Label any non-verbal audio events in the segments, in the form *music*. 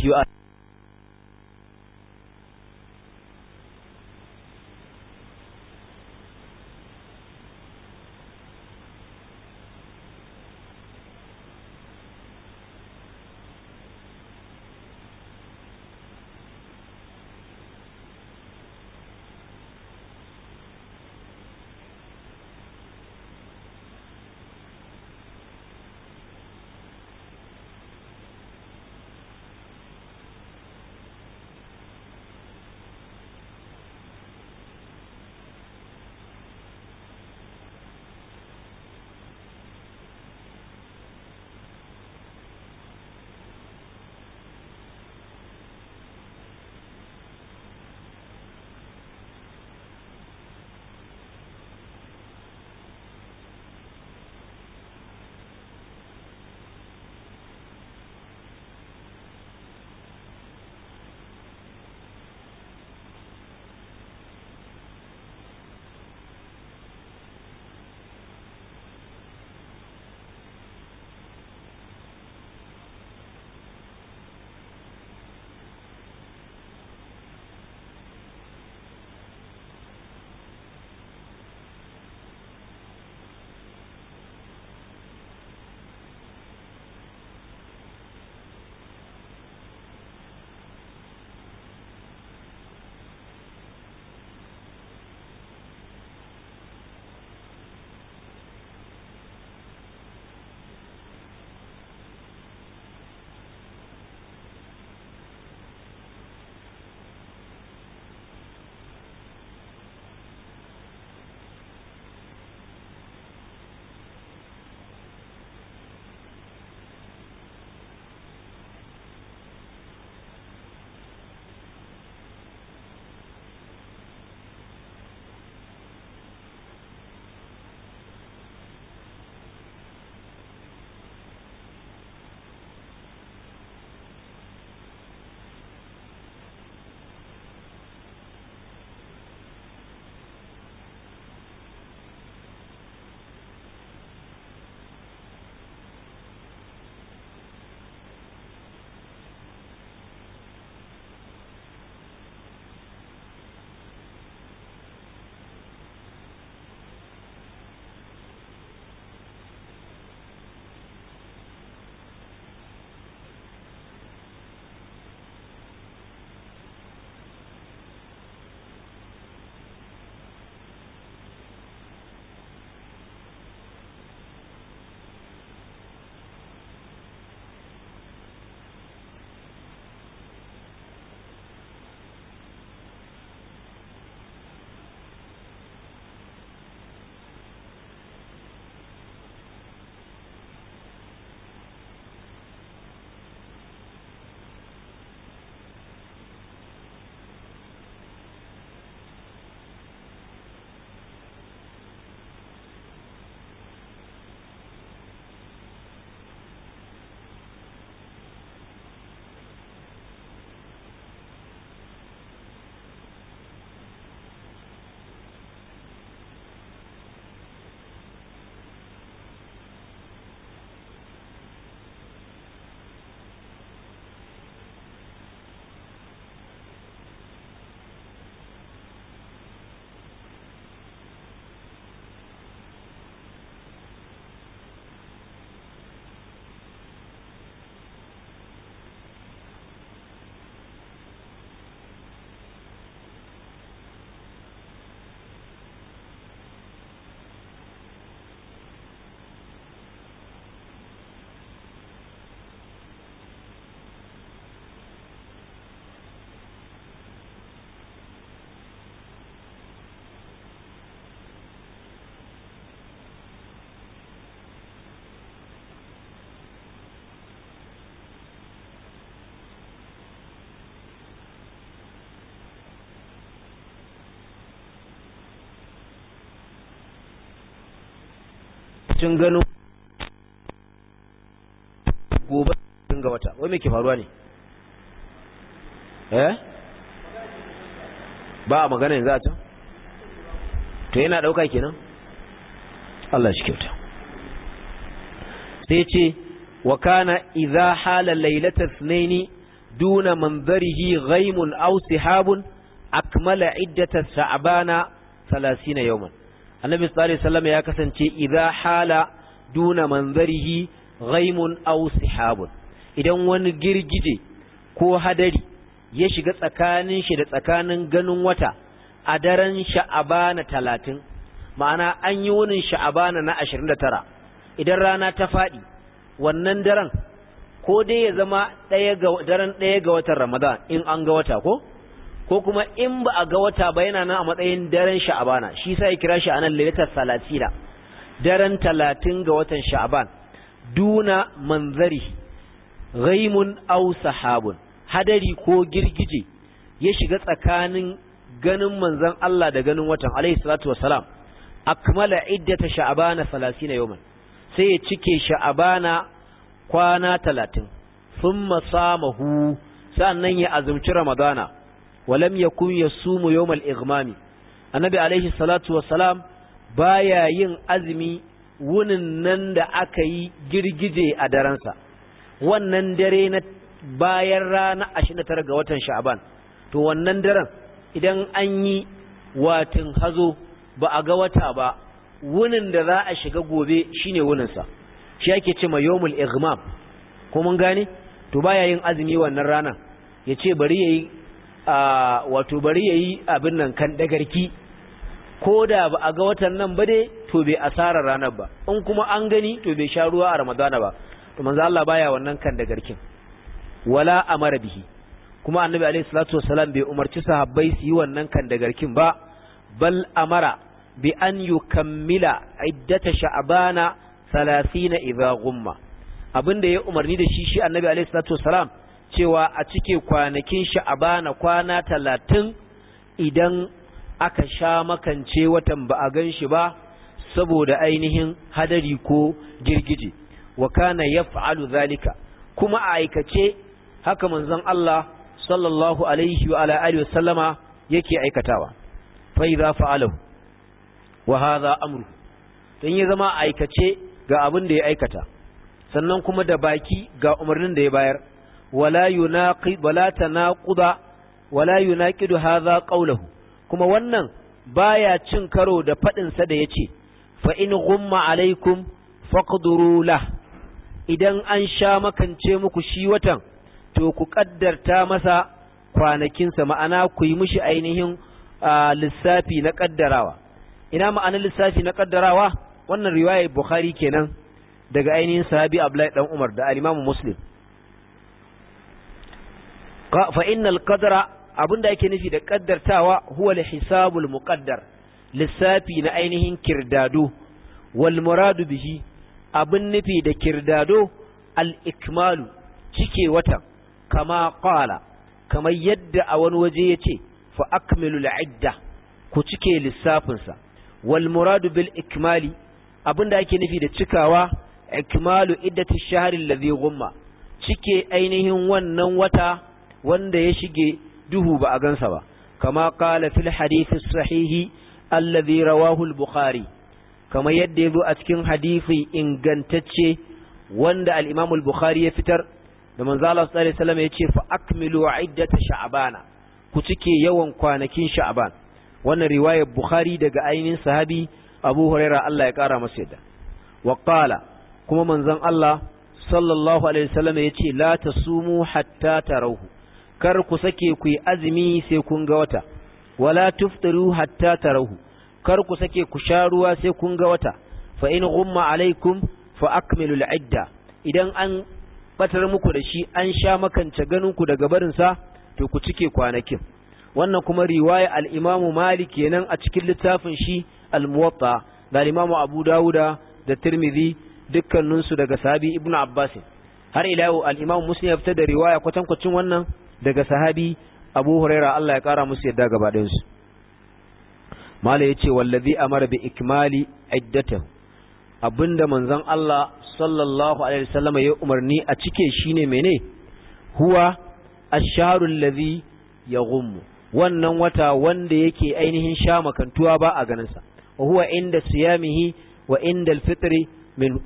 you are tun gano gobe tun ga wata wai me ke faruwa ne eh ba a magana yanzu a can to yana dauka kenan Allah shi kyauta sai ce wa kana idza hala lailata thnaini duna manzarihi ghaimun aw sihabun akmala iddata sha'bana 30 yawman annabi sallallahu alaihi wasallam ya kasance idza hala duna manzarihi ghaimun aw sihabun idan wani girgije ko hadari ya shiga tsakanin shi da tsakanin ganin wata a daren sha'abana talatin ma'ana an yi wunin sha'abana na ashirin da tara idan rana ta faɗi wannan daren ko dai ya zama daren ɗaya ga watan ramadan in an ga wata ko ko kuma in ba a ga wata ba yana nan a matsayin daren sha'abana shi sa ya kira shi a nan lilitar salatina daren talatin ga watan sha'aban duna manzari raimun au sahabun hadari ko girgije ya shiga tsakanin ganin manzan Allah da ganin watan alaihi salatu wassalam akmala iddata sha'abana salatina yawman sai ya cike sha'abana kwana talatin thumma samahu sannan ya azumci ramadana walam yakun yasumu yawmal igmami annabi alayhi salatu salam baya yin azumi wunin nan da aka yi girgije a sa. wannan dare na bayan rana 29 ga watan sha'ban to wannan daren idan an yi watin hazo ba a ga wata ba wunin da za a shiga gobe shine sa. shi ake ce ma yawmul igmam ko mun gane to baya yin azumi wannan rana ya ce bari ya yi wato bari yayi abin nan kan dagarki ko da ba a ga watan nan ba dai to bai asara ranar ba in kuma an gani to bai sha ruwa a ramadana ba to manzo Allah baya wannan kan dagarkin wala amara bihi kuma annabi alaihi salatu wasalam bai umarci sahabbai su yi wannan kan dagarkin ba bal amara bi an yukammila iddata sha'bana 30 idha ghumma abinda ya umarni da shi shi annabi alaihi salatu wasalam cewa a cike kwanakin shi a sha'abana kwana talatin idan aka sha makance watan ba a gan shi ba saboda ainihin hadari ko girgije wa kana fa’alu zalika kuma a aikace haka manzon Allah sallallahu alaihi wa ala’ari wa sallama yake aikatawa fa za fa'alahu wa za amru dan ya zama aikace ga abin da ya aikata sannan kuma da baki ga umarnin da ya bayar ولا يناقض ولا تناقض ولا يناقض هذا قوله kuma wannan baya cin karo da fadin sa da yace fa in gumma alaikum faqduru la idan an sha makance muku shi watan to ku kaddarta masa kwanakinsa ma'ana ku yi mishi ainihin lissafi na kaddarawa ina ma'ana lissafi na kaddarawa wannan riwayar bukhari kenan daga ainihin sahabi abdullahi dan umar da al muslim fa innal abin abinda yake nufi da kaddartawa huwa hisabul muqaddar lissafi na ainihin kirdado wal muradu bihi abin nufi da kirdado al ikmalu cike wata kama qala kamar yadda a wani waje yace fa akmilu al idda ku cike lissafin sa wal muradu bil ikmali abinda ake nufi da cikawa ikmalu iddati shahri alladhi gumma cike ainihin wannan wata wanda ya shige duhu ba a gansa ba kama kala fil hadith sahihi alladhi rawahu al-bukhari kama yadda yazo a cikin hadisi ingantacce wanda al-imam al-bukhari ya fitar da manzo Allah sallallahu alaihi wasallam yace fa akmilu iddata sha'bana ku cike yawan kwanakin sha'ban wannan riwayar bukhari daga ainihin sahabi abu huraira Allah ya kara masa yadda wa qala kuma manzon Allah sallallahu alaihi wasallam yace la tasumu hatta tarahu kar ku sake ku yi azumi sai kun ga wata wala tuftiru hatta tarahu kar ku sake ku sha ruwa sai kun ga wata fa in ghumma alaikum fa akmilu idda idan an batar muku da shi an sha makance ganin ku daga barin sa to ku cike kwanakin wannan kuma riwaya al-Imam Malik kenan a cikin littafin shi al-Muwatta da Imam Abu Dawuda da Tirmidhi dukkaninsu daga sahabi Ibn Abbas har ila yau al-Imam Muslim ya fitar da riwaya kwatankwacin wannan daga sahabi Abu Huraira Allah ya kara musu yadda gaba ɗayan su Mala yace wallazi amara bi ikmali iddatahu abinda manzon Allah sallallahu alaihi wasallam ya umarni a cike shine mene huwa ash-shahru allazi yaghum wannan wata wanda yake ainihin sha makantuwa ba a ganin sa wa huwa inda siyamihi wa inda al-fitri min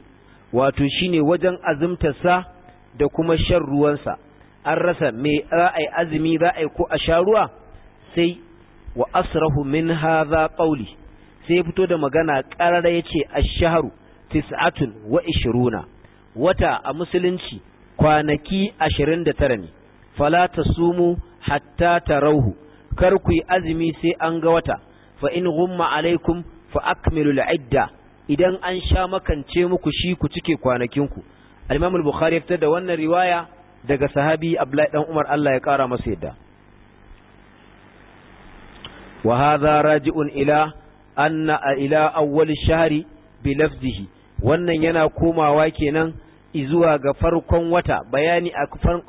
wato shine wajen azumtarsa da kuma shan ruwansa an rasa me za a yi azumi za a yi ko a sha ruwa sai wa asrahu min hadha qawli sai fito da magana qarara yace ash-shahru tis'atun wa ishruna wata a musulunci kwanaki 29 ne fala tasumu hatta tarawhu kar ku yi azumi sai an ga wata fa in ghumma alaikum fa akmilu al-idda idan an sha makance muku shi ku cike kwanakin ku al-Imam al-Bukhari ya fitar da wannan riwaya daga sahabi Abdullahi dan Umar Allah ya kara masa yadda wa hadha raji'un ila anna ila awwal shahri bi lafzihi wannan yana komawa kenan zuwa ga farkon wata bayani akan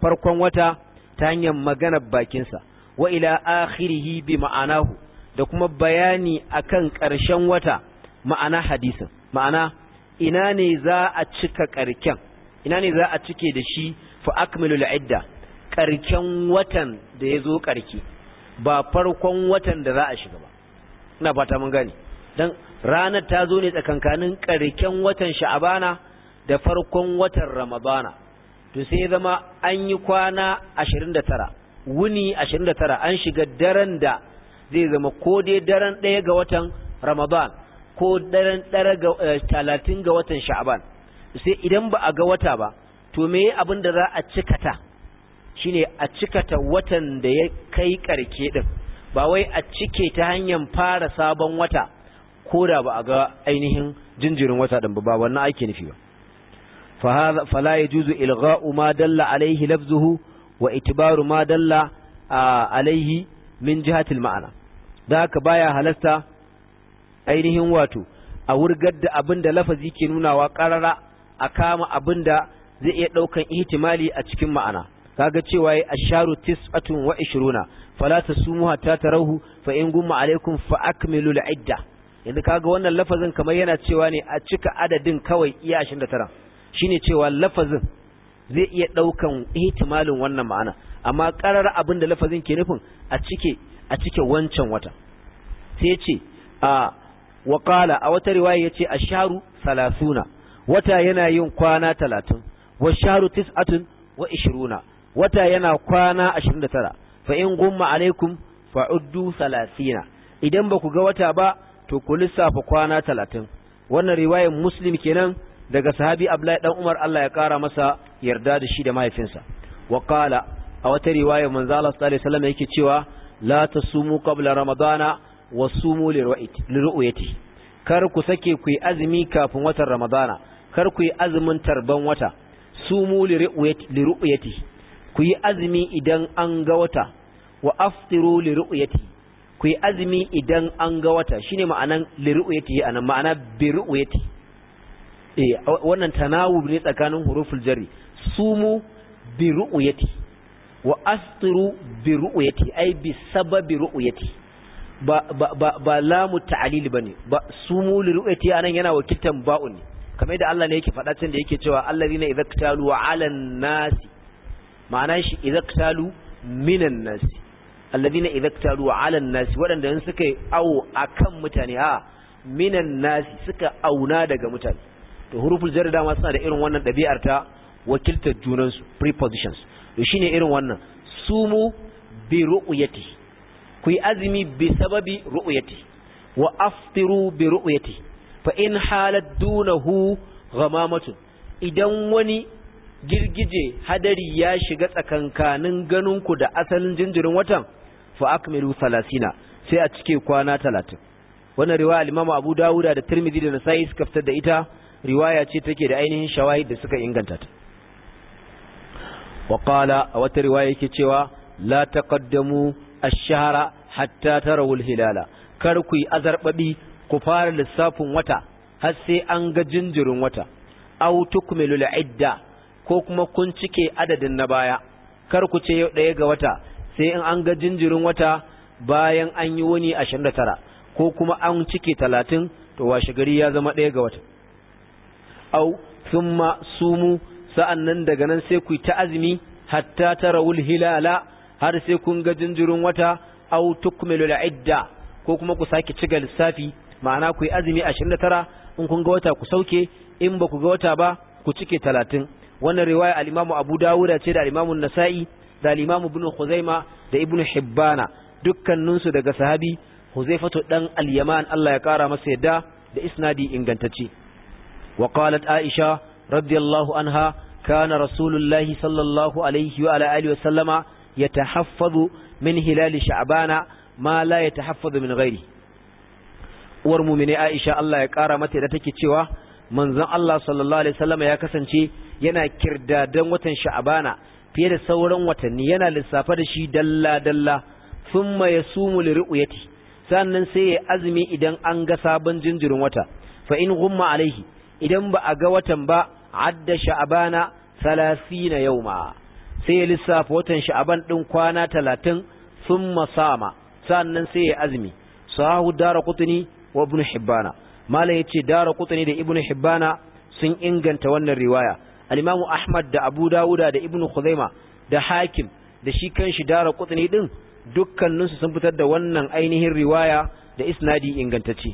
farkon wata ta hanyar maganar bakinsa wa ila akhirihi bi ma'anahu da kuma bayani akan karshen wata ma'ana hadisin ma'ana ina ne za a cika karken ina ne za a cike da shi fa akmilu idda karken watan da ya zo ba farkon watan da za a shiga ba ina fata mun gani. dan ranar ta zo ne tsakankanin karken watan sha'abana da farkon watan ramadana to sai zama an yi kwana 29 wuni 29 an shiga daren da zai zama ko dai daren ɗaya ga watan ramadan ko daren ɗara ga eh, talatin ga watan sha'aban sai idan ba a ga wata ba to me abin da za a cikata shine a cikata watan da ya kai karke din ba wai a cike ta hanyar fara sabon wata ko da ba a ga ainihin jinjirin wata din ba wannan ake nufi ba ma Dalla Alayhi lafzuhu, wa عليه ma Dalla Alayhi دل عليه من ma'ana, da haka baya halasta ainihin wato a wurgar da abin da lafazi ke nunawa karara a kama abin da zai iya ɗaukan ihtimali a cikin ma'ana kaga cewa ya asharu tis'atun wa ishruna fala tasumuha ta tarahu fa in gumma alaikum fa akmilu al'idda yanzu kaga wannan lafazin kamar yana cewa ne a cika adadin kawai iya 29 shine cewa lafazin zai iya ɗaukan ihtimalin wannan ma'ana amma karar abinda lafazin ke nufin a cike a cike wancan wata sai ce a wa a wata riwaya ya yace asharu 30 wata yana yin kwana talatin. wa sharu tis'atun wa ishiruna wata yana kwana ashirin da tara fa in gumma alaikum fa uddu salasina idan ba ku ga wata ba to ku lissafa kwana talatin wannan riwayar muslim kenan daga sahabi abdullahi dan umar Allah ya kara masa yarda da shi da mahaifinsa wa qala a wata riwayar manzo Allah sallallahu alaihi wasallam yake cewa la tasumu qabla ramadana wa sumu liru'yati kar ku sake ku yi azumi kafin watan ramadana kar ku yi azumin tarban wata sumu li ru'yati ku yi azumi idan an ga wata wa aftiru li ru'yati ku yi azumi idan an ga wata shine ma'anan li ru'yati anan ma'ana bi ru'yati eh wannan tanawub ne tsakanin huruful jarri sumu bi ru'yati wa aftiru bi ru'yati ai bi sababi ru'yati ba ba ba, ba lamu ta'lil bane ba sumu li ru'yati anan yana wakiltan ba'un ne kamar da Allah ne yake faɗa can da yake cewa allazina idza qtalu 'alan nasi ma'ana shi idza qtalu minan nasi allazina idza qtalu 'alan nasi waɗanda in suka yi akan mutane a minan nasi suka auna daga mutane to huruful jar dama suna da irin wannan dabi'ar ta wakiltar junan su prepositions to shine irin wannan sumu bi ru'yati ku yi azumi bi sababi ru'yati wa aftiru bi ru'yati fa in halat dunahu ghamamatun idan wani girgije hadari ya shiga tsakankanin ganinku da asalin jinjirin watan fa akmilu 30 sai a cike kwana talatin. wannan riwaya al-Imam Abu Dawud da Tirmidhi da Nasa'i suka fitar da ita riwaya ce take da ainihin shawahid da suka inganta ta wa a wata riwaya yake cewa la taqaddamu ash-shahra hatta tarawul hilala kar ku yi azarbabi ku fara lissafin wata har sai an ga jinjirin wata aw tukmilul idda ko kuma kun cike adadin na baya kar ku ce yau ɗaya ga wata sai in an ga jinjirin wata bayan an yi wani ashirin da tara ko kuma an cike talatin to washe gari ya zama ɗaya ga wata au thumma sumu sa'an nan daga nan sai ku ta azumi hatta tarawul hilala har sai kun ga jinjirin wata au tukmilul idda ko kuma ku sake ciga lissafi ma'ana ku yi azumi tara in kun ga wata ku sauke in ba ku ga wata ba ku cike talatin wannan riwaya alimamu Abu dawuda ce da alimamu Nasa'i da alimamu imam Ibn da Ibn Hibbana dukkanin su daga sahabi Huzaifatu dan al Allah ya kara masa yadda da isnadi ingantacce wa qalat Aisha radiyallahu anha kana rasulullahi sallallahu alaihi wa alihi wa sallama yatahaffazu min hilal sha'bana ma la yatahaffazu min ghairihi uwar mumine Aisha Allah ya kara mata da take cewa manzon Allah sallallahu alaihi wasallam ya kasance yana kirdadan watan sha'abana fiye da sauran watanni yana lissafa da shi dalla dalla thumma yasumu liru'yati sannan sai ya azumi idan an ga sabon jinjirin wata fa in gumma alaihi idan ba a ga watan ba adda sha'abana 30 yawma sai ya lissafa watan sha'aban din kwana 30 thumma sama sannan sai ya azumi sahu dara qutni wa ibn hibbana malam yace dara qutni da ibn hibbana sun inganta wannan riwaya al-imamu ahmad da abu dauda da ibn khuzaima da hakim da shi kanshi dara qutni din dukkaninsu sun fitar da wannan ainihin riwaya da isnadi ingantacce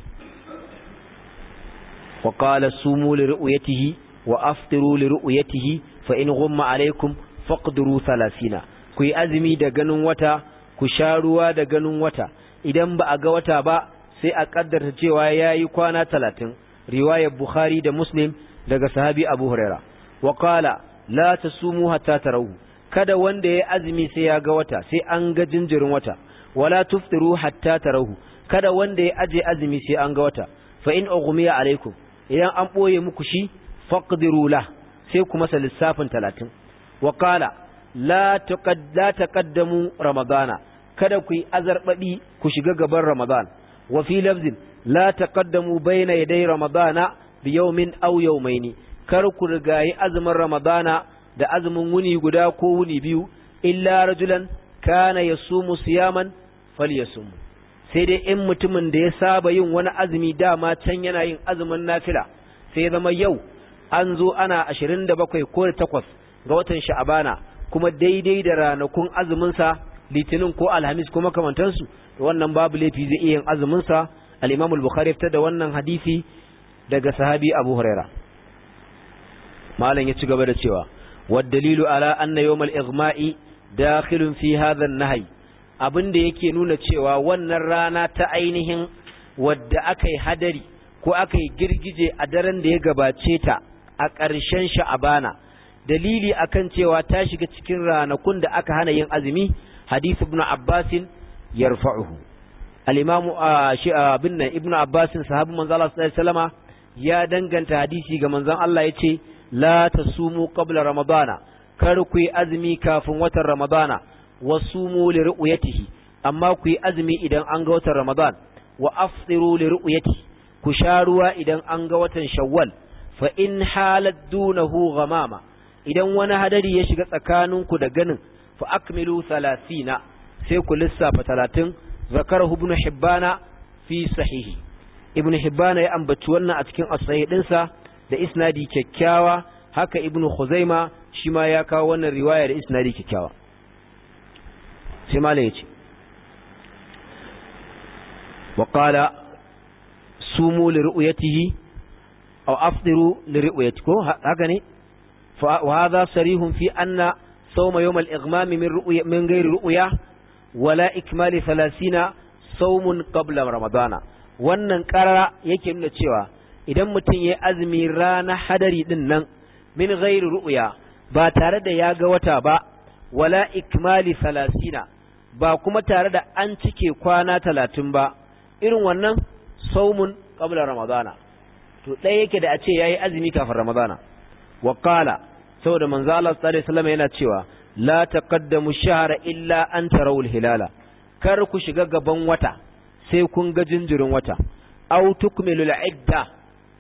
wa qala sumu li ru'yatihi wa aftiru li ru'yatihi fa in ghumma alaykum faqduru 30 ku yi azumi da ganin wata ku sha ruwa da ganin wata idan ba a ga wata ba sai a kaddarta cewa ya yi kwana talatin riwayar bukhari da muslim daga sahabi abu huraira wa kala la sumu hatta tarahu kada wanda yayi azumi sai ya ga wata sai an ga jinjirin wata wala tuftiru hatta tarahu kada wanda ya aje azumi sai an ga wata fa in ughmiya alaikum idan an boye muku shi faqdiru la sai ku masa lissafin talatin. wa kala la taqad la ramadana kada ku yi azarbabi ku shiga gaban Ramadana. wa fi lafzin la taqaddamu bayna yaday ramadana bi yawmin mai yawmaini kar ku rigayi azumin ramadana da azumin wuni guda ko wuni biyu illa rajulan kana yasumu siyaman falyasum sai dai in mutumin da ya saba yin wani azumi dama can yana yin azumin nafila sai zama yau an zo ana 27 ko 8 ga watan sha'abana kuma daidai da ranakun azuminsa litinin ko alhamis ko makamantansu to wannan babu laifi zai iya yin azumin sa al-Imam al-Bukhari ta da wannan hadisi daga sahabi Abu Hurairah malam ya ci gaba da cewa wad dalilu ala anna yawm al-ighma'i dakhilun fi hadha an-nahy abinda yake nuna cewa wannan rana ta ainihin wadda akai hadari ko akai girgije a daren da ya gabace ta a ƙarshen sha'abana dalili akan cewa ta shiga cikin ranakun da aka hana yin azumi hadith ibn abbasin yarfa'uhu al-imamu bin nan ibnu abbas sahabin manzo Allah sallallahu alaihi ya danganta hadisi ga manzon Allah yace la tasumu qabla ramadana kar ku yi azumi kafin watan ramadana wasumu li ru'yatihi amma ku yi azumi idan an ga watan ramadan wa afsiru li ru'yatihi ku sha ruwa idan an ga watan shawwal fa in halat dunahu ghamama idan wani hadari ya shiga tsakaninku da ganin fa akmilu 30 sai ku lissafa talatin zakarahu ibn hibbana fi sahihi ibn hibbana ya ambaci wannan a cikin as dinsa da isnadi kyakkyawa haka ibn khuzaima shi ma ya kawo wannan riwaya da isnadi kyakkyawa sai ya yace wa qala sumu li ru'yatihi aw afdiru li ru'yatikum haka ne fa hadha sarihun fi anna sawma yawm al ighmam min ru'ya min ghairi ru'ya wala ikmali salasina saumun قبل ramadana wannan karara yake nuna cewa idan mutum ya azumi rana hadari din nan min ghairi ru'ya ba tare da ya ga wata ba wala ikmali salasina ba kuma tare da an cike kwana talatin ba irin wannan saumun qabla ramadana to ɗaya yake da a ce yayi azumi kafin ramadana wa qala saboda manzo Allah sallallahu alaihi wasallam yana cewa la taqaddamu shahra illa an tarawul hilala kar ku shiga gaban wata sai kun ga jinjirin wata aw tukmilul idda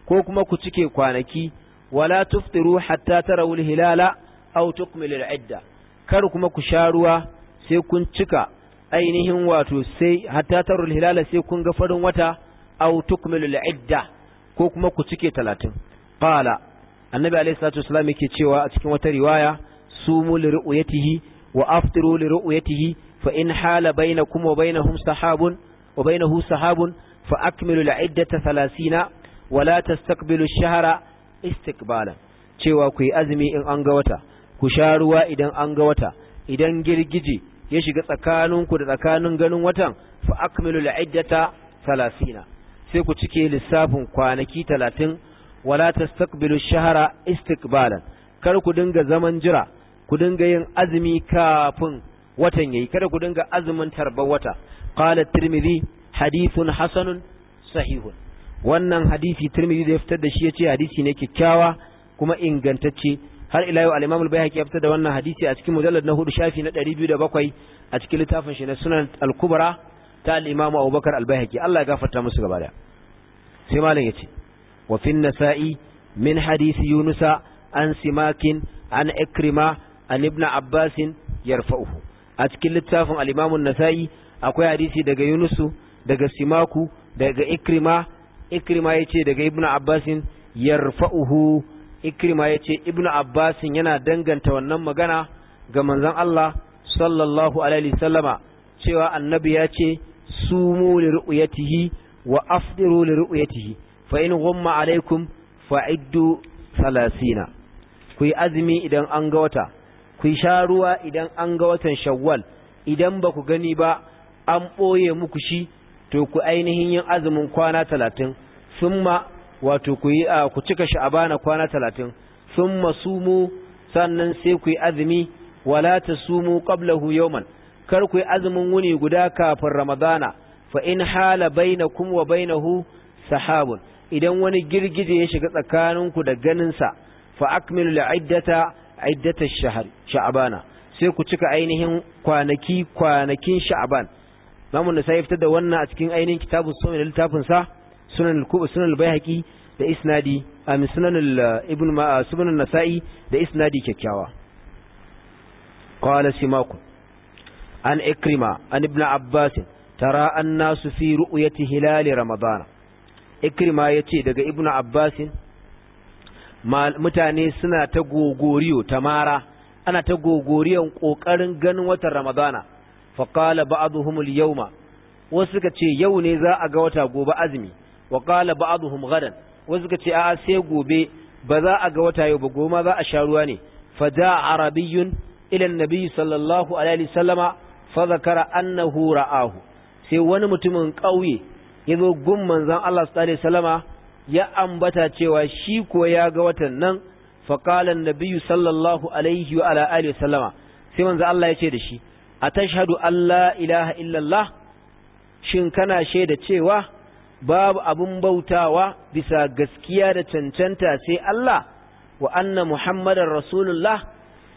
ko kuma ku cike kwanaki wala tuftiru hatta tarawul hilala aw tukmilul idda kar kuma ku sha ruwa sai kun cika ainihin wato sai hatta tarawul hilala sai kun ga farin wata aw tukmilul idda ko kuma ku cike 30 qala annabi alayhi salatu wasallam yake cewa a cikin wata riwaya sumu li ru'yatihi wa aftiru li ru'yatihi fa in hala bainakum wa bainahum sahabun wa bainahu sahabun fa akmilu al-iddata 30 wa la tastaqbilu ash-shahra istiqbalan cewa ku yi azumi in an ga wata ku sha ruwa idan an ga wata idan girgije ya shiga tsakaninku da tsakanin ganin watan fa akmilu al-iddata 30 sai ku cike lissafin kwanaki 30 wala tastaqbilu ash-shahra istiqbalan kar ku dinga zaman jira ku dinga yin azumi kafin watan yayi kada ku dinga azumin tarbar wata qala tirmidhi hadithun hasanun sahihun wannan hadisi tirmidhi da ya fitar da shi yace hadisi ne kikkiawa kuma ingantacce har ila yau al-imam al-bayhaqi ya fitar da wannan hadisi a cikin mujallad na hudu shafi na 207 a cikin littafin shi na sunan al-kubra ta al-imam abubakar al-bayhaqi Allah ya gafarta musu gaba da sai malam yace wa fi an-nasa'i min hadisi yunusa an simakin an ikrima an ibn abbas yarfa'uhu a cikin littafin al an nasa'i akwai hadisi daga Yunus daga simaku daga ikrima ikrima yace daga ibn abbas yarfa'uhu ikrima yace ibn Abbas yana danganta wannan magana ga manzon Allah sallallahu alaihi sallama cewa annabi ya ce sumu li ru'yatihi wa afdiru li ru'yatihi fa in ghumma alaikum fa'iddu 30 ku yi azumi idan an ga wata ku sha ruwa idan an ga watan shawwal idan ba ku gani ba an ɓoye muku shi to ku ainihin yin azumin kwana talatin summa wato ku yi ku cika sha'abana kwana talatin summa sumu sannan sai ku yi azumi wala hu qablahu yawman kar ku yi azumin wuni guda kafin ramadana fa in hala bainakum wa bainahu sahabun idan wani girgije ya shiga tsakaninku da ganinsa fa akmilu al'iddata iddatash shahar sha'bana sai ku cika ainihin kwanaki kwanakin sha'ban zamu da sai fitar da wannan a cikin ainihin kitabus sunan littafin sa sunan al kubu sunan al-baihaqi da isnadi a sunan ibn ah, sunan an-nasa'i da isnadi kyakkyawa qala simaku an ikrima an ibn abbas tara annasu fi ru'yati hilal ramadan ikrima yace daga ibn abbasin. mutane suna ta gogoriyo ta mara ana ta gogoriyon kokarin ganin watan ramadana faqala ba'dhum al-yawma wasu suka ce yau ne za a ga wata gobe azumi wa qala ba'dhum gadan wasu suka ce a'a sai gobe ba za a ga wata yau ba goma za a sha ruwa ne fa faja arabiyyun ila annabi sallallahu alaihi wasallama fa zakara annahu ra'ahu sai wani mutumin ƙauye ya zo gun manzon Allah sallallahu alaihi wasallama ya ambata cewa shi ko ya ga watan nan faƙalan nabiyyu sallallahu alaihi wa ala alihi sallama sai manzo Allah ya ce da shi a tashhadu Allah ilaha illallah shin kana shaida cewa babu abin bautawa bisa gaskiya da cancanta sai Allah wa anna muhammadar rasulullah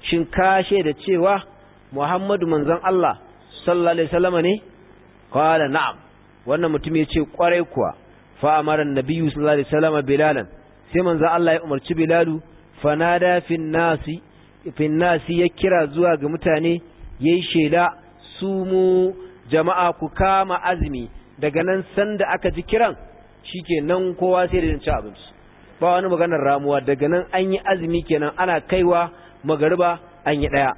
shin ka shaida cewa muhammadu manzon Allah sallallahu alaihi sallama ne qala na'am wannan mutum ya ce kwarai kuwa fa amara annabiyyu sallallahu alaihi wasallam bilalan sai manzo Allah ya umarci bilalu fanada fin nasi fin nasi ya kira zuwa ga mutane yayi su mu jama'a ku kama azumi daga nan sanda aka ji kiran shikenan kowa sai da ci abinci ba wani maganar ramuwa daga nan an yi azumi kenan ana kaiwa magariba an yi daya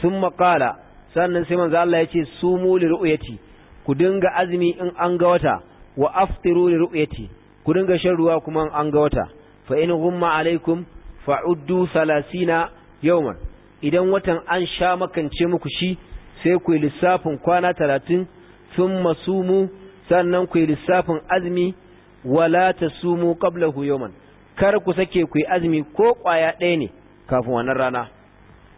sun makala sannan sai manzo Allah ya ce sumu liru'yati ku dinga azumi in an ga wata wa aftiru li ru'yati ku dinga shan ruwa kuma an ga wata fa in ghumma alaikum uddu 30 yawman idan watan an sha makance muku shi sai ku lissafin kwana 30 thumma sumu sannan ku lissafin azmi wala tasumu qablahu yawman kar ku sake ku azmi ko kwaya ɗaya ne kafin wannan rana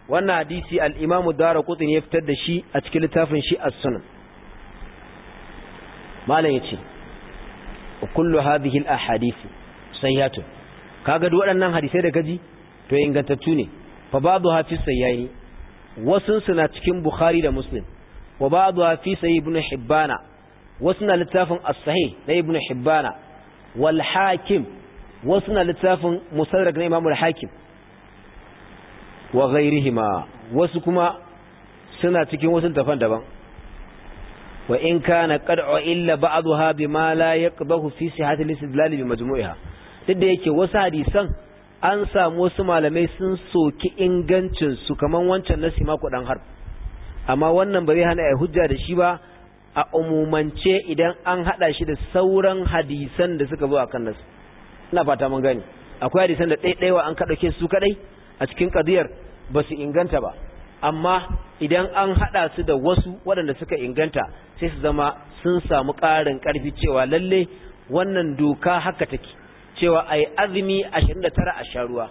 wannan hadisi al-Imam Darqutni ya fitar da shi a cikin littafin shi As-Sunan malam yace kullu hadhihi al-ahadith sayyihatun kaga duk waɗannan hadisai da gaji. to ingantattu ne fa ba'du hafiz sayyi wasu suna cikin bukhari da muslim wa ba'du hafiz sayyi ibn wasu wasuna littafin as-sahih na ibn hibbana wal hakim wasuna littafin musarrak na imam al-hakim wa ghairihima wasu kuma suna cikin wasu tafan daban wa in kana qad'u illa ba'daha bima la yaqbahu fi sihhati al-istidlal bi majmu'iha duk da yake wasu hadisan an samu wasu malamai sun soki ingancin su kamar wancan nasi ma kudan har amma wannan ba zai hana ai hujja da shi ba a umumance idan an hada shi da sauran hadisan da suka zo akan nasu ina fata mun gani akwai hadisan da ɗaiɗaiwa an kaɗauke su kaɗai a cikin kadiyar ba su inganta ba amma idan an hada su da wasu waɗanda suka inganta sai su zama sun samu ƙarin ƙarfi cewa lalle wannan doka haka take cewa ai azumi 29 a sharuwa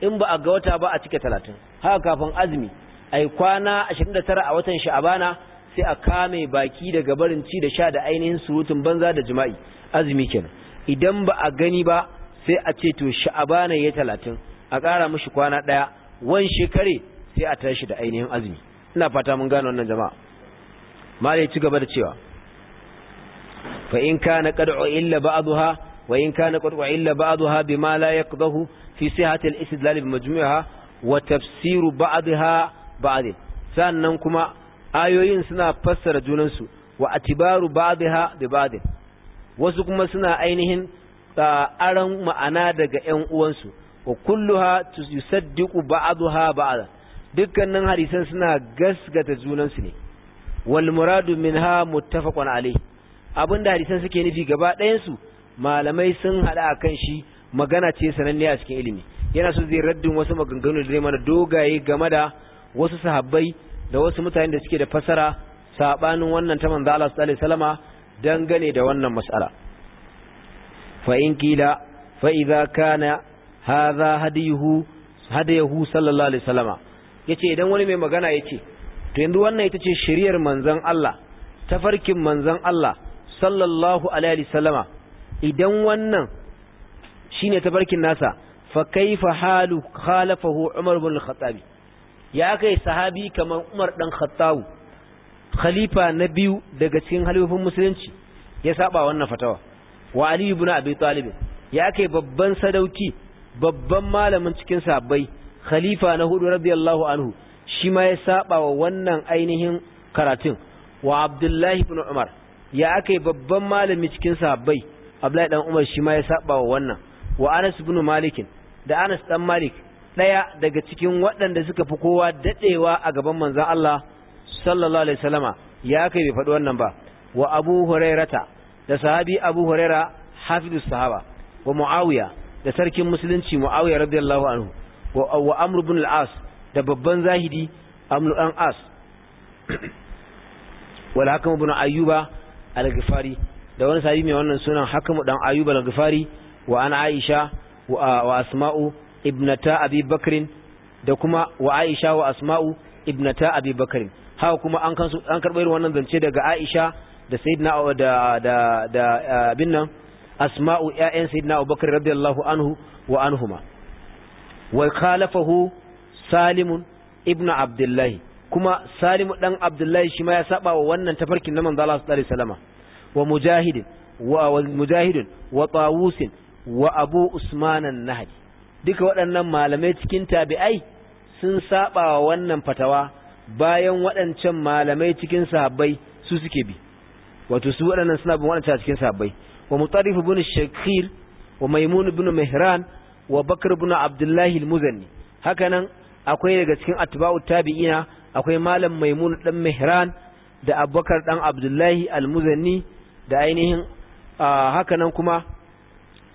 in ba a ga wata ba a cike 30 haka kafin azumi ai kwana 29 a watan sha'abana sai a kame baki daga barin ci da sha da ainihin surutun banza da jima'i azumi kenan idan ba a gani ba sai a ce to sha'abana ya 30 a ƙara mashi kwana ɗaya wani shekare sai a tashi da ainihin azumi ina fata mun gane wannan jama'a mali ci gaba da cewa fa in kana qad'u illa ba'daha wa in kana qad'u illa ba'daha bima la yaqdahu fi sihhati al-istidlal bi majmu'iha wa tafsiru ba'daha ba'd sannan kuma ayoyin suna fassara junansu wa atibaru ba'daha bi ba'd wasu kuma suna ainihin aran ma'ana daga ƴan uwansu wa kulluha tusaddiqu ba'daha ba'd dukkanin hadisan suna gasgata junansu ne wal muradu minha muttafaqun alayh abinda hadisan suke nufi gaba ɗayan su malamai sun hada akan shi magana ce sananne a cikin ilimi yana so zai raddin wasu maganganu da zai mana dogaye game da wasu sahabbai da wasu mutane da suke da fasara sabanin wannan ta manzo Allah sallallahu alaihi wasallama dangane da wannan mas'ala fa in kila fa idza kana hadha hadiyuhu hadiyuhu sallallahu alaihi wasallama ya ce idan wani mai magana ya ce to yanzu wannan ita ce shiriyar manzan Allah tafarkin manzan Allah sallallahu alaihi wasallama idan wannan shi shine tafarkin nasa fa kaifa halu khalafahu Umar bin khattabi ya kai sahabi kamar Umar dan khattabu khalifa na biyu daga cikin halifofin musulunci ya saba wannan fatawa wa Ali ibn Abi Talib ya kai babban sadauki babban malamin cikin sahabbai khalifa na hudu radiyallahu anhu shi ma ya saba wa wannan ainihin karatun wa abdullahi ibn umar ya akai babban malami cikin sahabbai abdullahi dan umar shi ma ya saba wa wannan wa anas ibn malik da anas dan malik daya daga cikin waɗanda suka fi kowa dadewa a gaban manzon Allah sallallahu alaihi wasallama ya kai bai faɗi wannan ba wa abu hurairata da sahabi abu huraira hafizus sahaba wa muawiya da sarkin musulunci muawiya radiyallahu anhu wa amru bin al-as da babban zahidi amru dan as *clears throat* wal hakam ibn ayyuba al-ghifari da wani sahibi mai wannan sunan hakam dan ayyuba al-ghifari wa ana aisha wa asma'u ibnata abi bakr da kuma wa aisha wa asma'u ibnata abi bakr haka kuma an kansu an karɓo irin wannan zance daga aisha da sayyidina da da da binna asma'u ƴaƴan sayyidina abubakar radiyallahu anhu wa anhuma wa khalafahu salim ibnu abdullah kuma salim dan abdullah shi ma ya saba wa wannan tafarkin na manzo Allah sallallahu alaihi wasallama wa mujahid wa mujahid wa tawus wa abu usman an-nahdi duka waɗannan malamai cikin tabi'ai sun saba wa wannan fatawa bayan waɗancan malamai cikin sahabbai su suke bi wato su waɗannan suna bin waɗancan cikin sahabbai wa mutarif ibn shakir wa maimun ibn mihran wa bakar Buna abdullahi al-muzanni hakanan akwai daga cikin atba'u tabi'ina akwai malam maimun dan mihran da abubakar dan abdullahi al-muzanni da ainihin hakanan kuma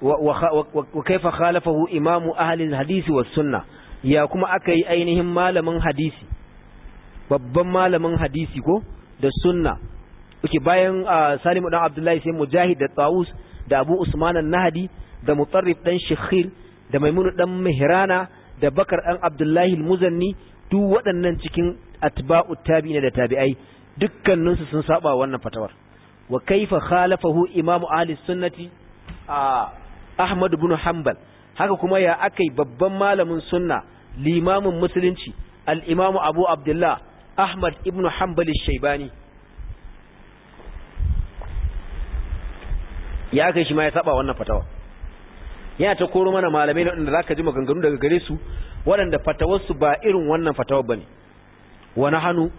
wa kaifa khalafahu imamu ahli hadisi was sunna ya kuma aka yi ainihin malamin hadisi babban malamin hadisi ko da sunna uke bayan salimu dan abdullahi sai mujahid da tawus da abu usman an-nahdi da mutarrif dan shikhil da maimunu dan mihrana da bakar dan abdullahi muzanni duk waɗannan cikin atba'u tabi'ina da tabi'ai dukkaninsu sun saba wannan fatawar wa kaifa khalafahu imamu ahli sunnati ahmad ibn hanbal haka kuma ya akai babban malamin sunna limamin musulunci al-imamu abu abdullah ahmad ibn hanbal shaybani ya kai shi ma ya saba wannan fatawar. yana ta koro mana malamai za zaka ji maganganu daga gare su waɗanda fatawarsu ba irin wannan fatawar bane wa nahnu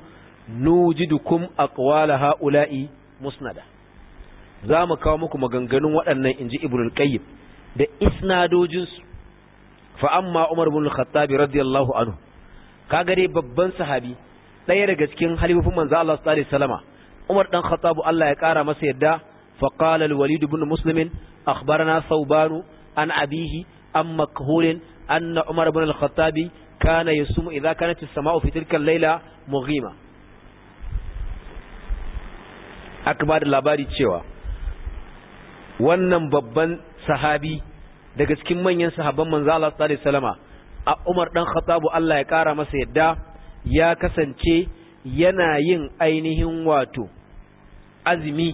nujidukum aqwala haula'i musnada za mu kawo muku maganganu waɗannan inji ibnul qayyim da isnadojin su fa amma umar ibn al-khattab radiyallahu anhu kaga dai babban sahabi ɗaya daga cikin halifofin manzo Allah sallallahu alaihi wasallama umar dan khattab Allah ya kara masa yadda fa qala al-walid ibn muslim akhbarana an abihi an an anna umar ibn al-khattabi kana yasumu idza kanat as-sama'u fi laila mughima aka ba da labari cewa wannan babban sahabi daga cikin manyan sahabban manzo Allah sallallahu alaihi wasallama a Umar dan Khattabu Allah ya kara masa yadda ya kasance yana yin ainihin wato azumi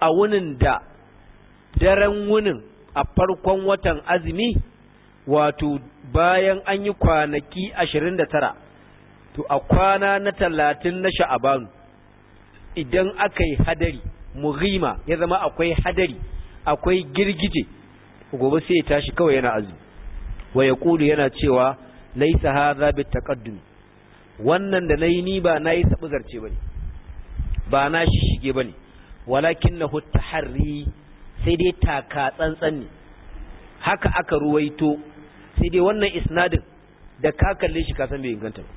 a wunin da daren wunin a farkon watan azumi wato bayan an yi kwanaki ashirin da tara to a kwana na talatin na sha'abanu idan aka yi hadari mughima ya zama akwai hadari akwai girgije gobe sai ya tashi kawai yana azumi wa ya yana cewa laisa hadha takaddun wannan da nayi ni ba nayi sabuzarce bane ba na shige bane walakinnahu taharri sai dai taka tsantsan ne haka aka ruwaito sai dai wannan isnadin da ka kalle shi ka san bai inganta ba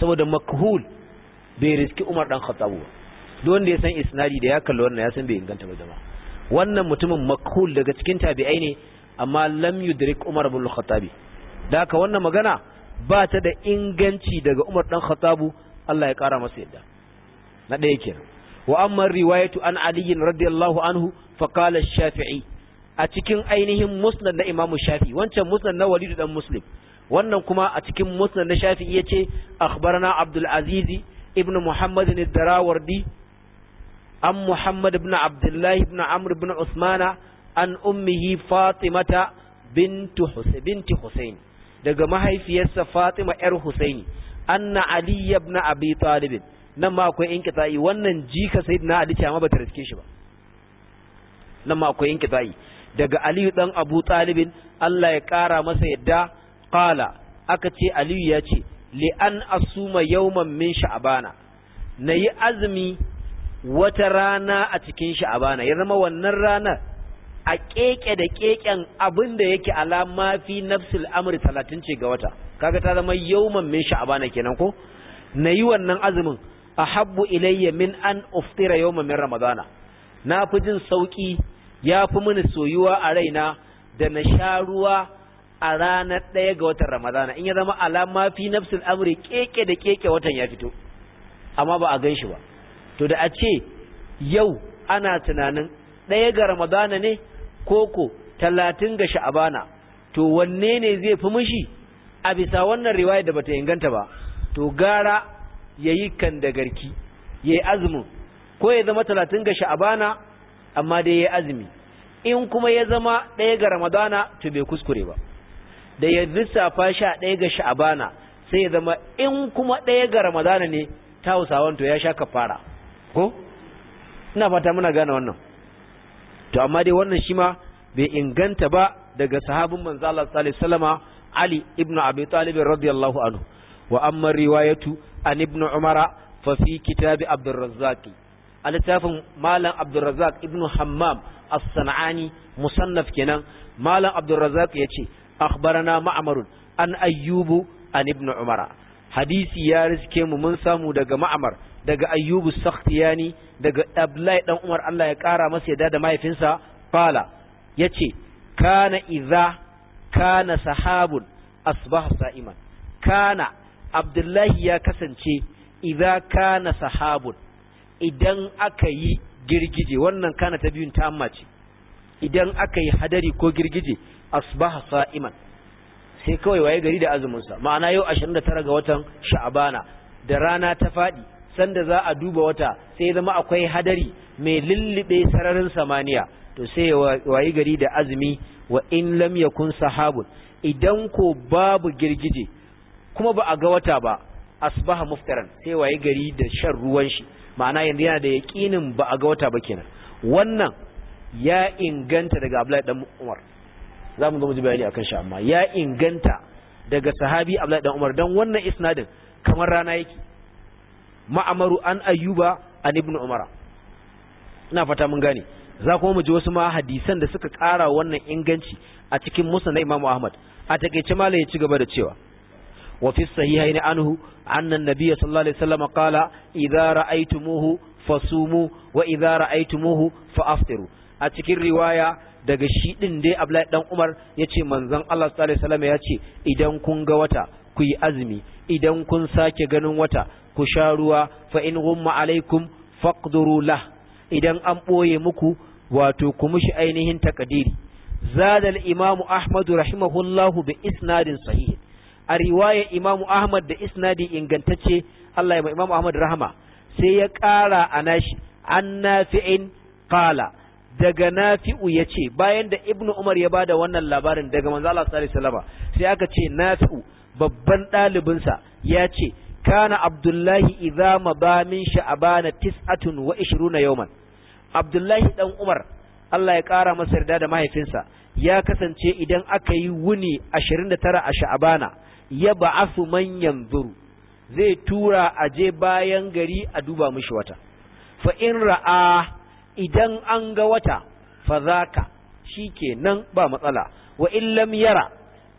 saboda makhul bai riski Umar dan Khattab ba duk wanda ya san isnadi da ya kalli wannan ya san bai inganta ba jama'a wannan mutumin makhul daga cikin tabi'ai ne amma lam yudrik Umar ibn al-khattabi da haka wannan magana ba ta da inganci daga Umar dan khattabu Allah ya kara masa yadda na ɗaya kenan wa amma riwayatu an Ali radiyallahu anhu فقال الشافعي a cikin ainihin musnad na imamu shafi wancan musnad na walidu dan muslim wannan kuma a cikin musnad na shafi ya ce akhbarana abdul azizi ibn muhammad ne darawardi an muhammad ibn abdullahi ibn amr ibn usmana an ummihi fatimata bintu binti husain daga mahaifiyarsa fatima yar husaini anna ali ibn abi talib nan ma akwai inkita'i wannan jika sayyidina ali ce ba ta riske shi ba nan ma akwai inkitai daga aliyu dan abu talibin Allah ya kara masa yadda qala aka ce aliyu ya ce li an asuma yawman min sha'bana nayi azumi wata rana a cikin sha'bana ya zama wannan ranar a keke da keken abin da yake alama fi nafsul amri talatin ce ga wata kaga ta zama yawman min sha'bana kenan ko nayi wannan azumin ahabbu ilayya min an uftira yawman min ramadana na fi jin sauki ya fi mini soyuwa a raina da na sha ruwa a ranar ɗaya ga watan ramadana in ya zama alama fi nafsin amri keke da keke watan ya fito amma ba a gan shi ba to da a ce yau ana tunanin ɗaya ga ramadana ne koko talatin ga sha'abana to wanne ne zai fi mishi a bisa wannan riwaya da bata inganta ba to gara ya yi kan da garki yi azumin ko ya zama talatin ga sha'abana amma dai ya azumi in kuma ya zama ɗaya ga ramadana to bai kuskure ba da ya lissafa sha ɗaya ga sha'abana sai ya zama in kuma ɗaya ga ramadana ne ta hausawan to ya sha kafara ko ina fata muna gane wannan to amma dai wannan shi ma bai inganta ba daga sahabin manzo Allah sallallahu alaihi Ali ibn Abi Talib radiyallahu anhu wa amma riwayatu an ibn Umara fa fi kitab abdurrazzaqi a littafin malam abdulrazak ibnu hammam as-san'ani musannaf kenan malam abdulrazak ya ce akhbarana ma'amarun an ayyubu an ibnu umara hadisi ya riske mu mun samu daga ma'amar daga ayyubu sakhtiyani daga abdullahi dan umar Allah ya kara masa yadda da mahaifinsa fala yace kana idza kana sahabun asbaha sa'iman kana abdullahi ya kasance iza kana sahabun idan aka yi girgije wannan kana ta biyun ta mace idan aka yi hadari ko girgije asbaha sa'iman sai kawai waye gari da azumin ma'ana yau 29 ga watan sha'abana da rana ta faɗi. sanda za a duba wata sai zama akwai hadari mai lullube sararin samaniya to sai waye gari da azumi wa in lam yakun sahabun idan ko babu girgije kuma ba a ga wata ba asbaha muftaran sai waye gari da shan ruwan shi ma'ana yanzu yana da yaqinin ba a ga wata ba kenan wannan ya inganta daga Abdullahi dan Umar zamu zo mu ji bayani akan shi amma ya inganta daga sahabi Abdullahi dan Umar dan wannan isnadin kamar rana yake ma'amaru an ayyuba an ibnu umara ina fata mun gane za kuma mu ji wasu ma hadisan da suka kara wannan inganci a cikin musnad Imam Ahmad a takeice malai ya ci gaba da cewa وفي الصحيحين عنه أن النبي صلى الله عليه وسلم قال إذا رأيتموه فصوموا وإذا رأيتموه فأفطروا أتكر رواية daga shi din dai Abdullahi dan Umar yace manzon Allah sallallahu alaihi wasallam yace idan kun ga wata ku yi azumi idan kun sake ganin wata ku sha ruwa fa in ghumma alaikum faqduru lah idan an boye muku wato ku mushi ainihin takadiri zadal imamu ahmadu rahimahullahu bi isnadin sahih a riwaya imamu ahmad da isnadi ingantacce Allah ya imamu ahmad rahama sai ya ƙara a nashi an nafi'in qala daga nafi'u ya ce bayan da ibnu umar ya bada wannan labarin daga manzo Allah sallallahu alaihi wasallam sai aka ce nafi'u babban ɗalibinsa ya ce kana abdullahi idza maba min sha'bana tis'atun wa ishruna yawman abdullahi dan umar Allah ya ƙara masa yarda da mahaifinsa ya kasance idan aka yi wuni 29 a sha'abana ya ba'asu manyan zuru zai tura a je bayan gari a duba mishi wata fa in ra'a idan an ga wata fa za ka shi nan ba matsala wa in lam yara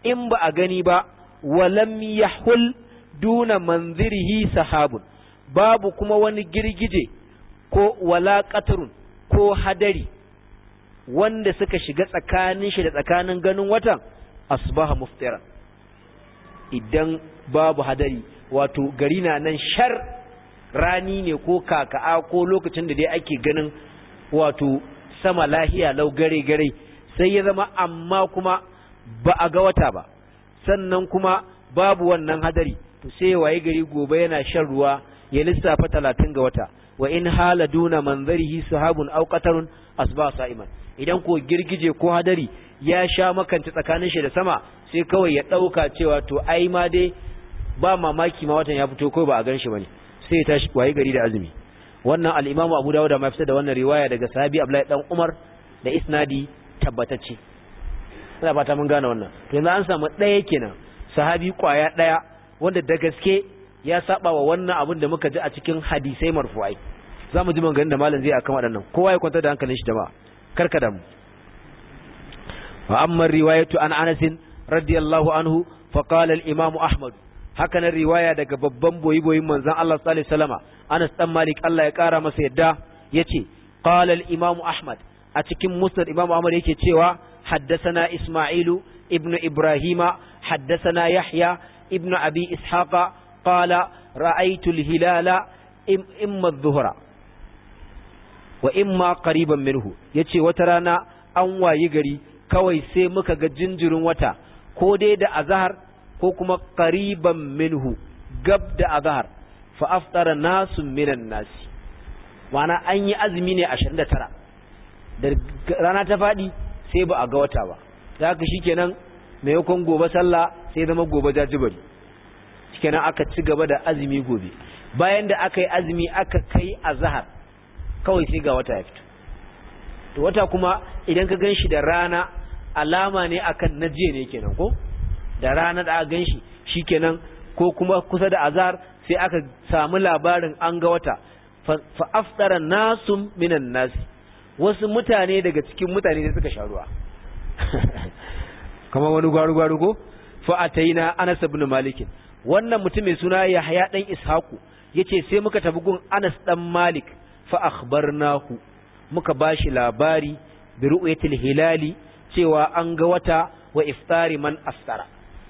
in ba a gani ba wa lam yahul duna manzirihi sahabun babu kuma wani girgije ko wala ko hadari wanda suka shiga tsakanin shi da tsakanin ganin watan asbaha muftiran idan babu hadari wato gari na nan shar rani ne ko kaka'a ko lokacin da dai ake ganin wato sama lahiya lau gare gare sai ya zama amma kuma ba a ga wata ba sannan kuma babu wannan hadari to sai waye gari gobe yana shan ruwa ya lissafa talatin ga wata wa in hala duna manzarihi sahabun aw qatarun asba sa'iman idan ko girgije ko hadari ya sha makanta tsakanin shi da sama sai kawai ya dauka cewa to ai ma dai ba mamaki ma watan ya fito ko ba a ganshi bane sai ya tashi waye gari da azumi wannan al-Imam Abu Dawud ma fitar da wannan riwaya daga sahabi Abdullahi dan Umar da isnadi tabbatacce ba fata mun gane wannan to yanzu an samu daya kenan sahabi kwaya daya wanda da gaske ya saba wa wannan abin da muka ji a cikin hadisai marfu'ai zamu ji maganganun da malam zai akan waɗannan kowa ya kwanta da hankalin shi jama'a karka damu wa amma riwayatu an Anas radiyallahu anhu fa qala al-Imam Ahmad haka nan riwaya daga babban boyi-boyin manzon Allah sallallahu alaihi wasallama Anas dan Malik Allah ya kara masa yadda yace qala al-Imam Ahmad a cikin Musnad Imam Ahmad yake cewa حدثنا Isma'ilu ابن Ibrahima حدثنا يحيى ابن أبي إسحاق قال رأيت hilala imma إم الظهر wa in kariban qariban minhu yace wata rana an wayi gari kawai sai muka ga jinjirin wata ko dai da azahar ko kuma qariban minhu gab da azhar fa aftara nasun minan nasi ma'ana an yi azumi ne 29 da rana ta faɗi sai ba a ga wata ba da haka mai maimakon gobe sallah sai zama gobe jajibari shikenan aka ci gaba da azumi gobe bayan da aka yi azumi aka kai azahar. kawai sai ga wata ya fito to wata kuma idan ka ganshi da rana alama ne akan na jiya ne kenan ko da rana da aka ganshi shikenan ko kuma kusa da azar sai aka samu labarin an ga wata fa afdara nasu minan nasi wasu mutane daga cikin mutane da suka sha ruwa *laughs* kama wani gwaru-gwaru ko fa ataina Anas ibn Malik wannan mutum mai suna Yahya dan Ishaku yace sai muka tafi gun Anas dan Malik fa Nahu muka bashi labari bi ru'yatil hilali cewa an ga wata wa iftari man aftara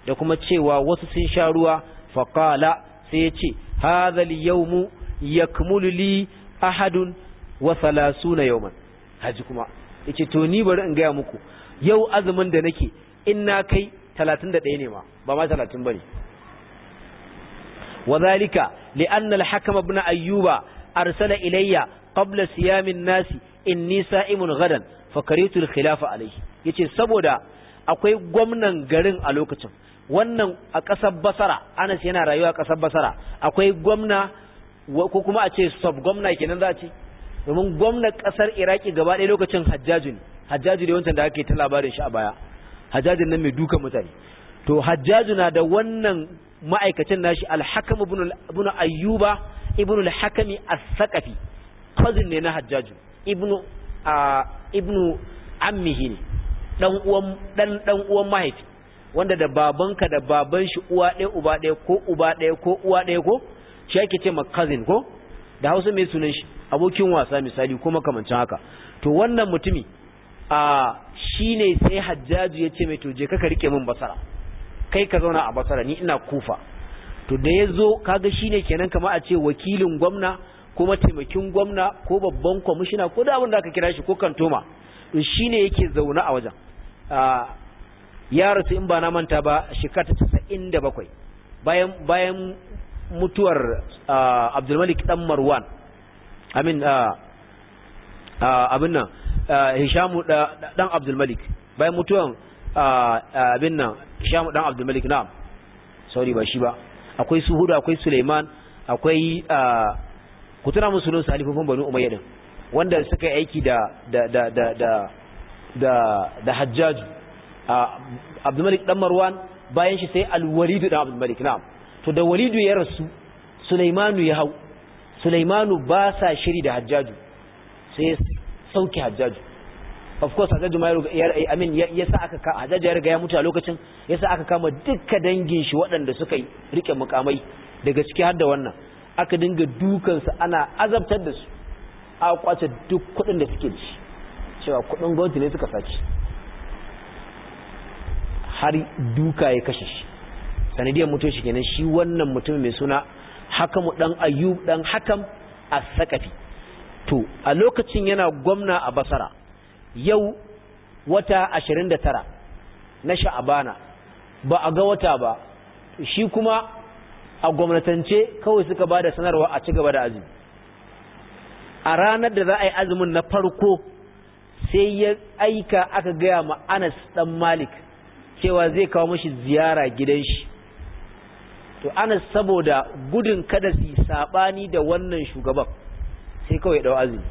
da kuma cewa wasu sun sha ruwa fa qala sai ce hadha al-yawmu yakmulu li ahadun wa 30 yawman haji kuma yace to ni bari in gaya muku yau azumin da nake in na kai 31 ne ma ba ma 30 bane zalika لأن Hakama ابن ayyuba arsala ilayya siya min nasi inni sa'imun gadan fa karitul khilafa alayhi yace saboda akwai gwamnan garin a lokacin wannan a ƙasar Basara Anas yana rayuwa a ƙasar Basara akwai gwamna ko kuma a ce sub gwamna kenan za a ce domin gwamnan ƙasar Iraki gaba ɗaya lokacin Hajjaju ne Hajjaju da wancan da ake ta labarin shi a baya Hajjaju nan mai dukan mutane to Hajjaju na da wannan ma'aikacin nashi alhakama hakam Ayyuba ibnu al-hakami as-saqafi cousin ne na hajjaju ibnu ibnu ammihi dan uwan dan dan uwan mahaifi wanda da babanka da baban shi uwa ɗaya uba ɗaya ko uba ɗaya ko uwa ɗaya ko shi ake ce ma cousin ko da Hausa mai sunan shi abokin wasa misali ko makamancin haka to wannan mutumi a shine sai Hajjaju ya ce mai to je ka rike min basara kai ka zauna a basara ni ina kufa to da ya zo kaga shine kenan kama a ce wakilin gwamna ko mataimakin gwamna ko babban kwamishina ko da abin da aka kira shi ko kantoma shi ne yake zaune a wajen ya rasu in ba na manta ba shekata ta casa'in da bakwai bayan bayan mutuwar abdulmalik dan marwan amin abin nan hishamu dan abdulmalik bayan mutuwar abin nan hishamu dan abdulmalik na, sauri ba shi ba akwai su hudu akwai Suleiman akwai a tuna musulun salifofin Banu Umayya din wanda suka yi aiki da da da da da da, da Hajjaj Abdul dan Marwan bayan shi sai alwalidu Walidu dan Abdul Malik na'am to da Walidu ya rasu Suleimanu ya hau Suleimanu ba sa shiri da Hajjaju sai sauke Hajjaju of course hajjaj Jumairu amin ya yasa aka hajjaj ya riga ya mutu a lokacin yasa aka kama duka dangin shi waɗanda suka yi rike mukamai daga ciki har da wannan aka dinga dukan su ana azabtar da su a kwace duk kuɗin da suke ci cewa kuɗin gwamnati ne suka saci har duka ya kashe shi sanadiyar mutum shi kenan shi wannan mutum mai suna hakamu dan ayyub dan hakam a sakafi to a lokacin yana gwamna a basara yau wata ashirin da tara na sha'abana ba a ga wata ba shi kuma a gwamnatance kawai suka ba da sanarwa a ci gaba da azumi a ranar da za a yi azumin na farko sai ya aika aka gaya ma anas dan malik cewa zai kawo mashi ziyara gidan shi to anas saboda gudun kada su yi sabani da wannan shugaban sai kawai ya dau azumi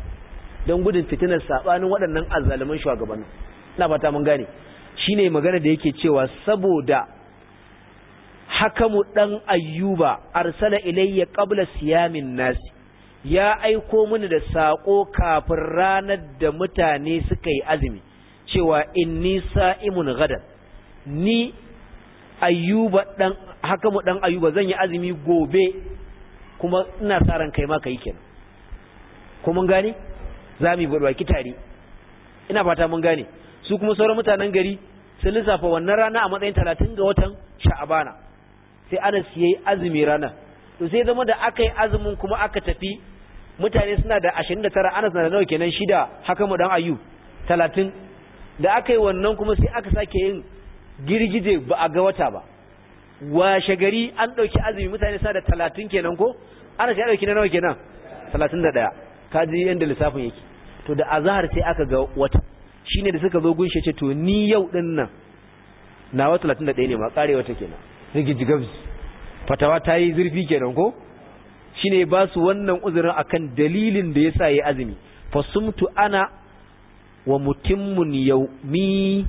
don gudun fitinar sabanin waɗannan azaluman shugabanni ina fata mun gane shine magana da yake cewa saboda hakamu ɗan ayyuba arsala ilayya qabla siyamin nasi, ya aiko mini da sako kafin ranar da mutane suka yi azumi cewa inni sa'imun gadan ni ayyuba dan hakamu dan ayyuba zan yi azumi gobe kuma ina sa ran kai ma kai kenan kuma mun za mu yi baki tare ina fata mun gane su kuma sauran mutanen gari sun lissafa wannan rana a matsayin talatin ga watan sha'abana sai anas ya yi azumi rana to sai zama da aka yi azumin kuma aka tafi mutane suna da ashirin da tara anas na da nawa kenan shida haka mu dan ayu talatin da aka yi wannan kuma sai aka sake yin girgije ba a ga wata ba washe gari an ɗauki azumi mutane suna da talatin kenan ko anas ya ɗauki na nawa kenan talatin da ɗaya ka ji yadda lissafin yake to da azhar sai aka ga wata shine da suka zo gunshe ce to ni yau din nan Na nawa 31 ne ma karewa take na gabs. fatawa ta yi zurfi kenan ko shine ba su wannan uzurin akan dalilin da yasa yayi azumi fasumtu ana wa mutimmun yaumi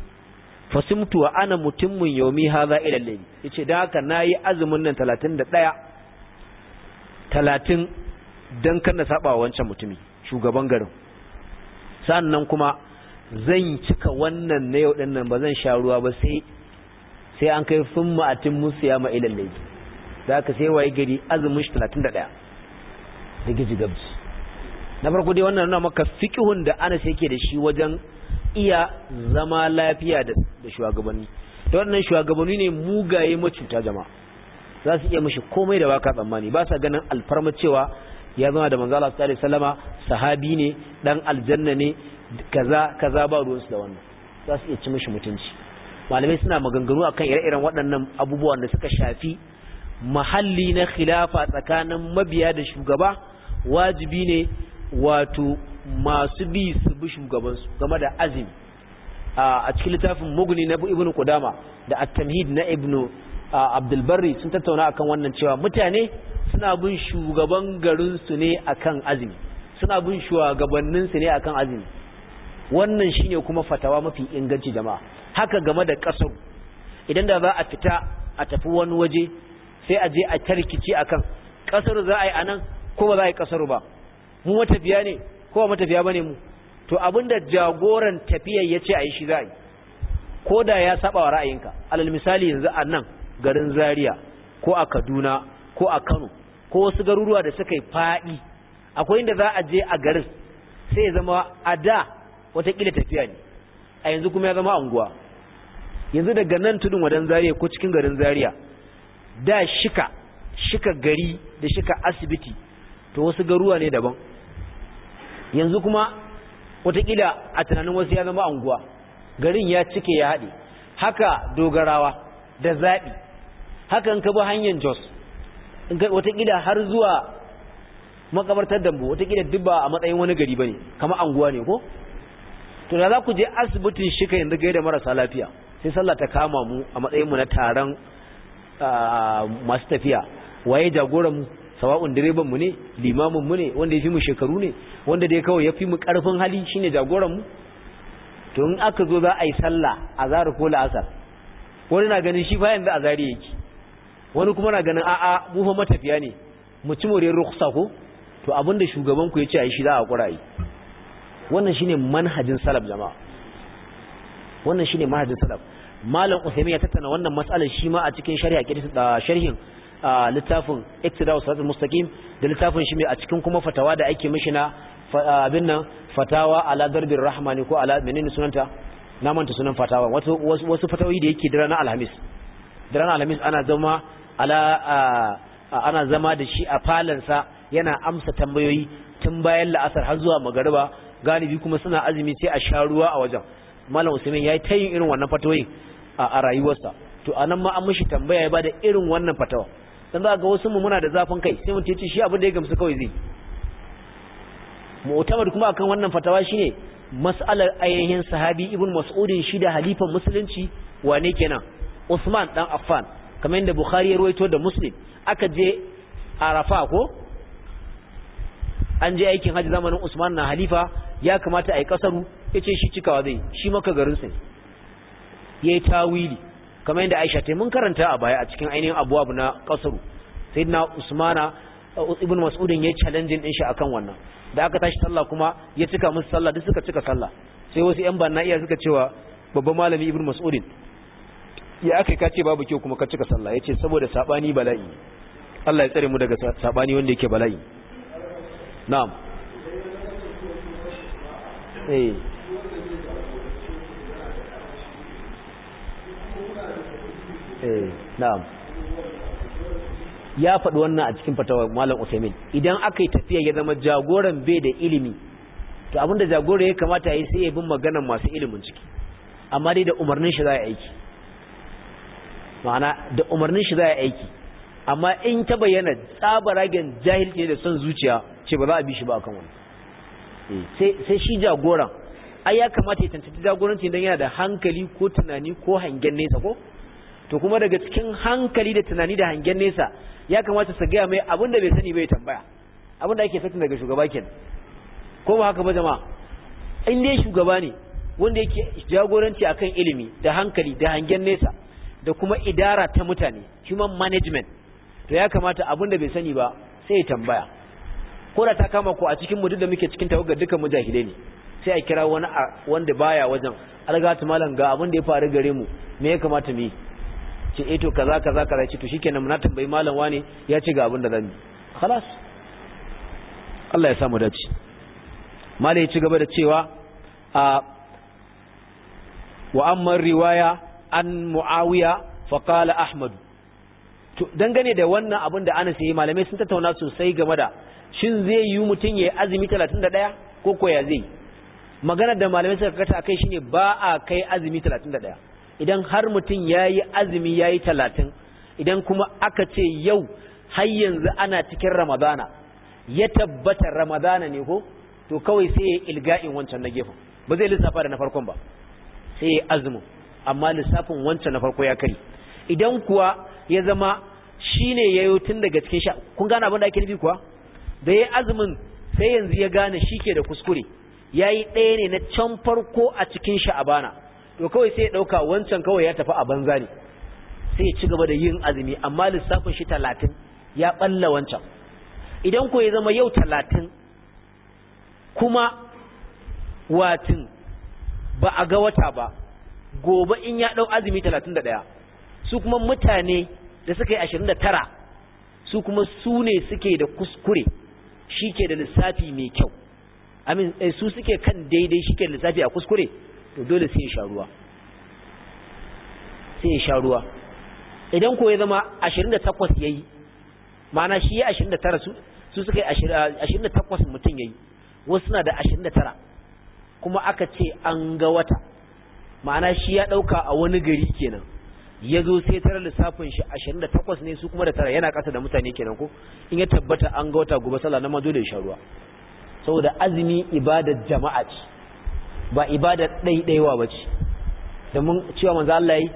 fasumtu wa ana mutimmun yawmi hadha ila al-layl yace da haka nayi azumin nan 31 30 dan kan na saba wancan mutumi shugaban garin sannan kuma zan cika wannan na yau ɗinnan ba zan sha ruwa ba sai sai an kai sun ma'atin musu ya ma'ila laifi za ka sai waye gari azumin shi talatin da ɗaya da gizi gabci na farko dai wannan nuna maka fikihun da sai ke da shi wajen iya zama lafiya da shugabanni ta wannan shugabanni ne mugaye macuta jama'a za su iya mashi komai da baka tsammani ba sa ganin alfarma cewa ya zama da manzala su sallallahu Salama sahabi ne dan aljanna ne kaza kaza ba ruwansu da wannan za su iya ci mishi mutunci malamai suna maganganu akan ire-iren waɗannan abubuwan da suka shafi mahalli na khilafa tsakanin mabiya da shugaba wajibi ne wato masu bi su bi shugabansu game da azim. a cikin littafin Muguni na ibn Kudama da at-tamhid na ibn abdul barri sun tattauna akan wannan cewa mutane suna bin shugaban garinsu ne akan azumi suna bin shugabanninsu ne akan azumi wannan shine kuma fatawa mafi inganci jama'a haka game da kasar idan da za a fita a tafi wani waje sai a je a tarkici akan kasar za a yi anan ko ba za a yi kasar ba mu matafiya ne ko ba matafiya bane mu to abinda jagoran tafiyar ya ce a yi shi za a yi ko da ya saba wa ra'ayinka alal misali yanzu a nan garin zaria ko a kaduna ko a kano ko wasu garuruwa da suka yi faɗi akwai inda za a je a garin sai ya zama a da watakila tafiya ne a yanzu kuma ya zama anguwa yanzu daga nan tudun wadan zariya ko cikin garin zariya da shika shika gari da shika asibiti to wasu garuwa ne daban yanzu kuma watakila a tunanin wasu ya zama anguwa garin ya cike ya haɗe haka dogarawa da zaɓi hakan ka bi hanyar jos wata watakila har zuwa makabartar dambu watakila duk ba a matsayin wani gari bane kamar anguwa ne ko to da za ku je asibitin shika yanzu gaida marasa lafiya sai sallah ta kama mu a matsayin mu na taron masu tafiya waye jagoran mu sawa'un direban mu ne limamin mu ne wanda ya fi mu shekaru ne wanda dai kawai ya fi mu karfin hali shine jagoran mu to in aka zo za a yi sallah a zara ko la'asar wani na ganin shi fa yanzu a zari yake wani kuma na ganin a'a mu fa matafiya ne mu ci more rukhsa ko to abinda shugaban ku a yi shi za a kura yi wannan shine manhajin salaf jama'a wannan shine manhajin salaf malam usaymin ya tattana wannan matsalar shi ma a cikin shari'a sharhin littafin iktida usatul mustaqim da littafin shi mai a cikin kuma fatawa da ake mishi na abin nan fatawa ala darbir rahmani ko ala menene sunanta na manta sunan fatawa wasu wasu fatawi da yake dira na alhamis dira na alhamis ana zama ala ana zama da shi a falansa yana amsa tambayoyi tun bayan la'asar har zuwa magariba galibi kuma suna azumi sai a sha ruwa a wajen malam usman yayi tayin irin wannan fatoyin a rayuwarsa to anan ma an mishi tambaya ya bada irin wannan fatawa dan za ga wasu mu muna da zafin kai sai mun tace shi abin da ya gamsu kawai zai mu'tamar kuma akan wannan fatawa shine mas'alar ainihin sahabi ibn mas'udin shi da halifan musulunci wane kenan Usman dan Affan kamar yadda bukhari ya ruwaito da muslim aka je arafa ko an je aikin hajji zamanin usman na halifa ya kamata a yi kasaru ya ce shi cikawa zai shi maka garin sai ya yi tawili kamar yadda aisha ta mun karanta a baya a cikin ainihin abuwa na kasaru sai na usmana uh, ibn mas'udin ya challenge din shi akan wannan da aka tashi sallah kuma ya cika musu sallah duk suka cika sallah sai wasu yan banna iya suka cewa babban malami ibn mas'udin ya aka ka ce babu kyau kuma ka cika sallah yace saboda sabani bala'i Allah ya tsare mu daga sabani wanda yake bala'i na'am eh eh na'am ya faɗi wannan a cikin fatawa malam Usaimin idan aka yi tafiya ya zama jagoran bai da ilimi to abinda jagora ya kamata ya sai ya bin maganan masu ilimin ciki amma dai da umarnin shi za a aiki ma'ana da umarnin shi za a aiki amma in ta bayyana tsabaragen jahilci da son zuciya ce ba za a bi shi ba akan wani eh, sai shi jagoran ai ya kamata ya tantance jagoranci dan yana da hankali ko tunani ko hangen nesa ko to kuma daga cikin hankali da tunani da hangen nesa ya kamata su gaya mai abin da bai sani bai tambaya abin da ake sakin daga shugaba ko ba haka ba jama'a in dai shugaba ne wanda yake jagoranci akan ilimi da hankali da hangen nesa da kuma idara ta mutane human management to ya kamata abin da bai sani ba sai ya tambaya ko da ta kama ko a cikin mu duk da muke cikin tawagar dukan mujahidai ne sai a kira wani wanda baya wajen algatu malam ga abin da ya faru gare mu me ya kamata mu yi ce eh to kaza kaza kaza ce to shikenan na tambayi malam wane ya ce ga abin da zan yi khalas. Allah ya samu dace malai ya ci gaba da cewa a wa amma riwaya an muawiya fa Ahmadu to dangane da wannan abin da ana sayi malamai sun tattauna sosai game da shin zai yi mutun yayi azumi 31 ko koya zai magana da malamai suka kata kai shine ba a kai azumi 31 idan har mutun yayi azumi yayi 30 idan kuma aka ce yau har yanzu ana cikin ramadana ya tabbata ramadana ne ko to kawai sai ya ilga'in wancan na gefen ba zai lissafa da na farkon ba sai ya azumin amma lissafin wancan na farko ya kari idan kuwa ya zama shine yayo tun daga cikin sha kun gane abin da ake nufi kuwa da yayi azumin sai yanzu ya gane shi ke da kuskure yayi ɗaya ne na can farko a cikin bana to kawai sai ya ɗauka wancan kawai ya tafi a banza ne sai ya ci gaba da yin azumi amma lissafin shi talatin ya ɓalla wancan idan ko ya zama yau talatin kuma watin ba a ga wata ba gobe in ya ɗau azumi talatin da ɗaya su kuma mutane da suka yi ashirin da tara su kuma su ne suke da kuskure shi ke da lissafi mai kyau amin eh, su suke kan daidai shi ke da lissafi a kuskure to dole sai sha ruwa sai sha ruwa idan ko ya zama ashirin da takwas ya yi ma'ana shi ya ashirin da tara su suka yi ah, ashirin da takwas mutum ya yi wasu na da ashirin da tara kuma aka ce an ga wata ma'ana shi ya ɗauka a wani gari kenan ya zo sai tara lissafin shi ashirin da takwas ne su kuma da tara yana ƙasa da mutane kenan ko in ya tabbata an ga wata gobe sallah na mazo da shan ruwa saboda azumi ibadar jama'a ce ba ibadar ɗaiɗaiwa ba ce domin cewa manzo Allah yi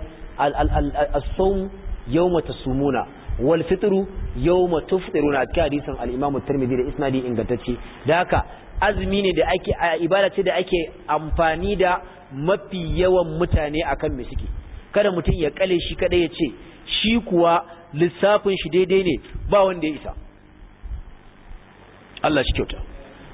as-sawm yawma tasumuna wal fitru yawma tufṭiruna a cikin hadisin al-Imam at-Tirmidhi da isnadi ingantacce da haka azumi ne da ake ibada ce da ake amfani da mafi yawan mutane akan me suke kada mutum ya kale shi kada ya ce shi kuwa lissafin shi daidai ne ba wanda ya isa Allah shi kyauta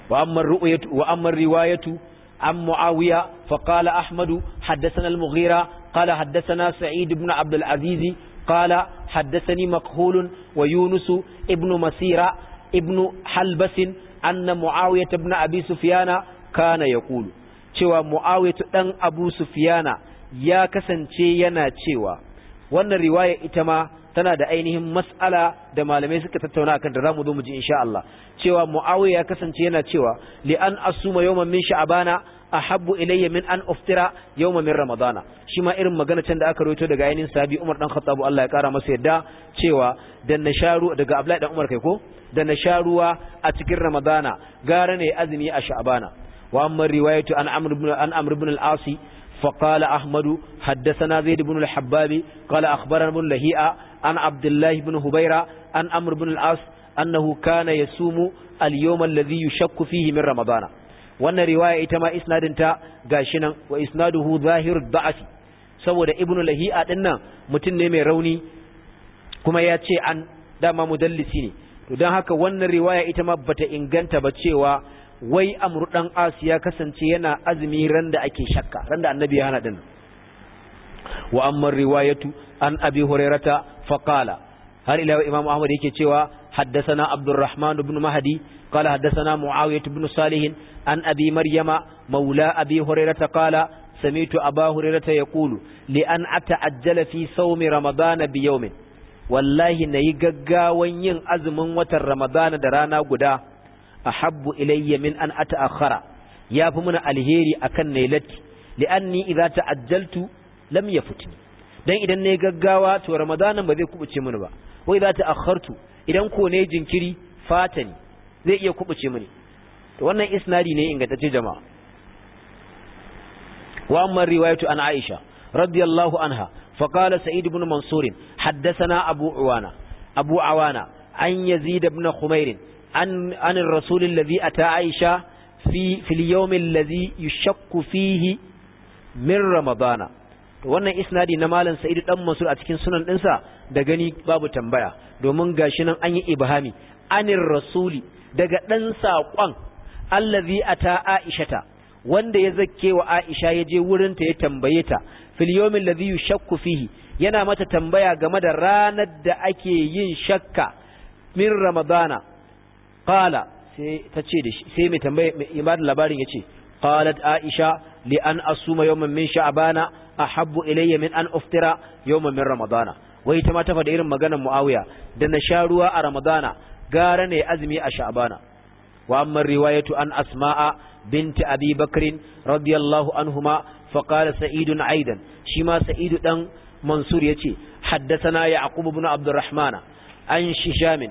wa amma ru'yatu wa amma riwayatu an muawiya fa qala ahmadu haddathana al-mughira qala haddathana sa'id ibn abd al-aziz qala haddathani makhul wa yunus ibn masira ibn halbas anna muawiya ibn abi sufyana kana yaqulu cewa muawiya dan abu sufyana ya kasance yana cewa wannan riwaya ita ma tana da ainihin mas'ala da malamai suka tattauna akan da zamu zo mu ji insha Allah cewa muawiya ya kasance yana cewa li an asuma yawman min sha'bana ahabbu ilayya min an uftira yawma min ramadana shima irin magana can da aka rawaito daga ayinin sahabi Umar dan Khattab Allah ya kara masa yadda cewa dan na sharu daga Abdullahi dan Umar kai ko dan na sharuwa a cikin ramadana gara ne azumi a sha'bana wa amma riwayatu an amr ibn an amr ibn al-as fa qala ahmad haddathana zaid lahi'a an abdullah ibn hubayra an amri ibn al-as annahu kana yasumu al-yawma alladhi yushakku fihi min ramadana wannan riwaya ita ma isnadin ta gashi nan wa isnaduhu zahirud da'af saboda ibnu lahi'a dinnan mutum ne mai rauni kuma ya ce an dama mudallisi ne to don haka wannan riwaya ita ma bata inganta ba cewa wai amru dan asiya kasance yana azumi ran da ake shakka ran da annabi ya hana din wa amma riwayatu an abi hurairata faqala har ila imam ahmad yake cewa حدثنا عبد الرحمن بن مهدي قال حدثنا معاوية بن صالح عن أبي مريم مولى أبي هريرة قال سمعت أبا هريرة يقول لأن أتعجل في صوم رمضان بيوم والله نيققا وين أزم وتر رمضان درانا قدا أحب إلي من أن أتأخر يا فمن الهيري أكن نيلتي لأني إذا تعجلت لم يفتني dan idan ne gaggawa to ramadanin ba zai kubuce mini ba wai za ta akhartu idan ko ne jinkiri fatani zai iya kubuce mini to wannan isnadi ne ingantacce jama'a wa amma riwayatu an Aisha radiyallahu anha fa qala Sa'id ibn Mansur haddathana Abu Uwana Abu Awana an Yazid ibn Khumair an an ar-rasul alladhi ata Aisha fi fi yawm alladhi yushakku fihi min Ramadana wannan isnadi na malam sa'id dan masud a cikin sunan dinsa da gani babu tambaya domin gashi nan an yi ibhami anir rasuli daga dan saƙon allazi ata aishata wanda ya zakke wa aisha ya je wurin ta ya tambaye ta fil yawmin ladhi yushakku fihi yana mata tambaya game da ranar da ake yin shakka min ramadana qala sai ta da shi sai mai tambaye mai labarin yace qalat aisha lian an asuma yawman min sha'bana ahabbu ilayya min an uftira yawman min ramadana wai ta ma ta faɗa irin maganar muawiya da na sha ruwa a ramadana gara ne azumi a sha'abana wa amma riwayatu an asma'a binti abi bakrin radiyallahu anhuma sa'idu na aidan shi ma sa'idu dan mansur ya ce haddasa na abdurrahman an hisham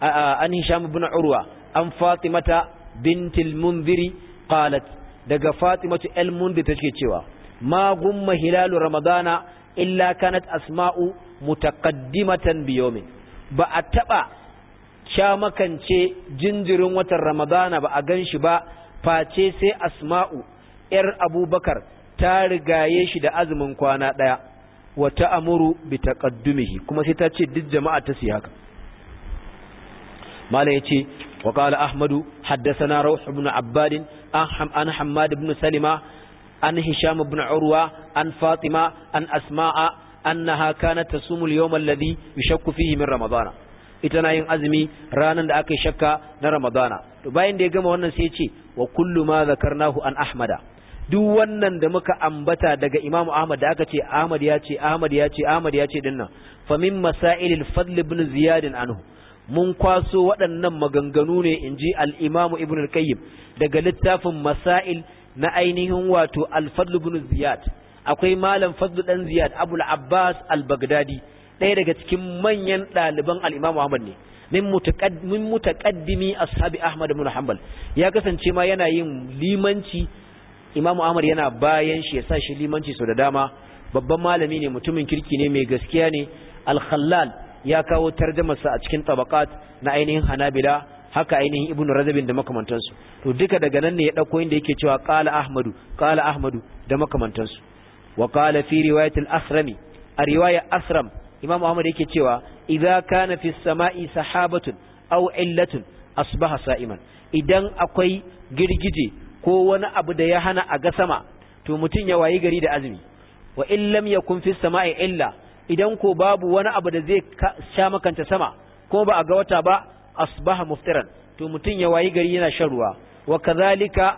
an hisham ibn urwa an fatimata bintil munziri qalat daga fatimatu al ta take cewa ma gumma hilalu ramadana illa kanat asma'u mutaqaddimatan bi yawmin ba a taba makance jinjirin watan ramadana ba a ganshi ba face sai asma'u yar abubakar ta rigaye shi da azumin kwana daya wa amuru bi taqaddumihi kuma sai ta ce duk jama'a ta siya haka mala yace wa qala ahmadu haddathana rawh ibn abbadin an Hammad ibn Salima an Hisham ibn Urwa an Fatima an Asma'a an Naha, tasumu al-yawm alladhi yashakku fihi min Ramadana ita na yin azumi ranan da aka shakka na Ramadana to bayan da ya gama wannan sai ce wa kullu ma zakarnahu an Ahmada duk wannan da muka ambata daga Imam Ahmad da aka ce Ahmad ya ce Ahmad ya ce Ahmad ya ce dinnan fa min masailil fadl ibn Ziyadin anhu mun kwaso waɗannan maganganu ne in ji al'imamu ibn al daga littafin masail na ainihin wato al-fadl ibn ziyad akwai malam Fadlu ɗan ziyad abul abbas al-baghdadi ɗaya daga cikin manyan ɗaliban al'imamu ahmad ne min mutaqaddimi ashabi ahmad ibn hanbal ya kasance ma yana yin limanci imamu ahmad yana bayan shi ya sa shi limanci sau da dama babban malami ne mutumin kirki ne mai gaskiya ne al ya kawo sa a cikin tabaqat na ainihin hanabila haka ainihin ibnu razabin da makamantansu to duka daga nan ne ya dauko inda yake cewa qala ahmadu qala ahmadu da makamantansu wa qala fi riwayat al-asrami a riwaya asram imam ahmad yake cewa idza kana fi samai sahabatun aw illatun asbaha sa'iman idan akwai girgije ko wani abu da ya hana a ga sama to mutun ya wayi gari da azumi wa illam yakun fi samai illa idan ko babu wani abu da zai sha makanta sama ko ba a ga wata ba asbaha muftiran to mutum ya wayi gari yana shan ruwa wa kazalika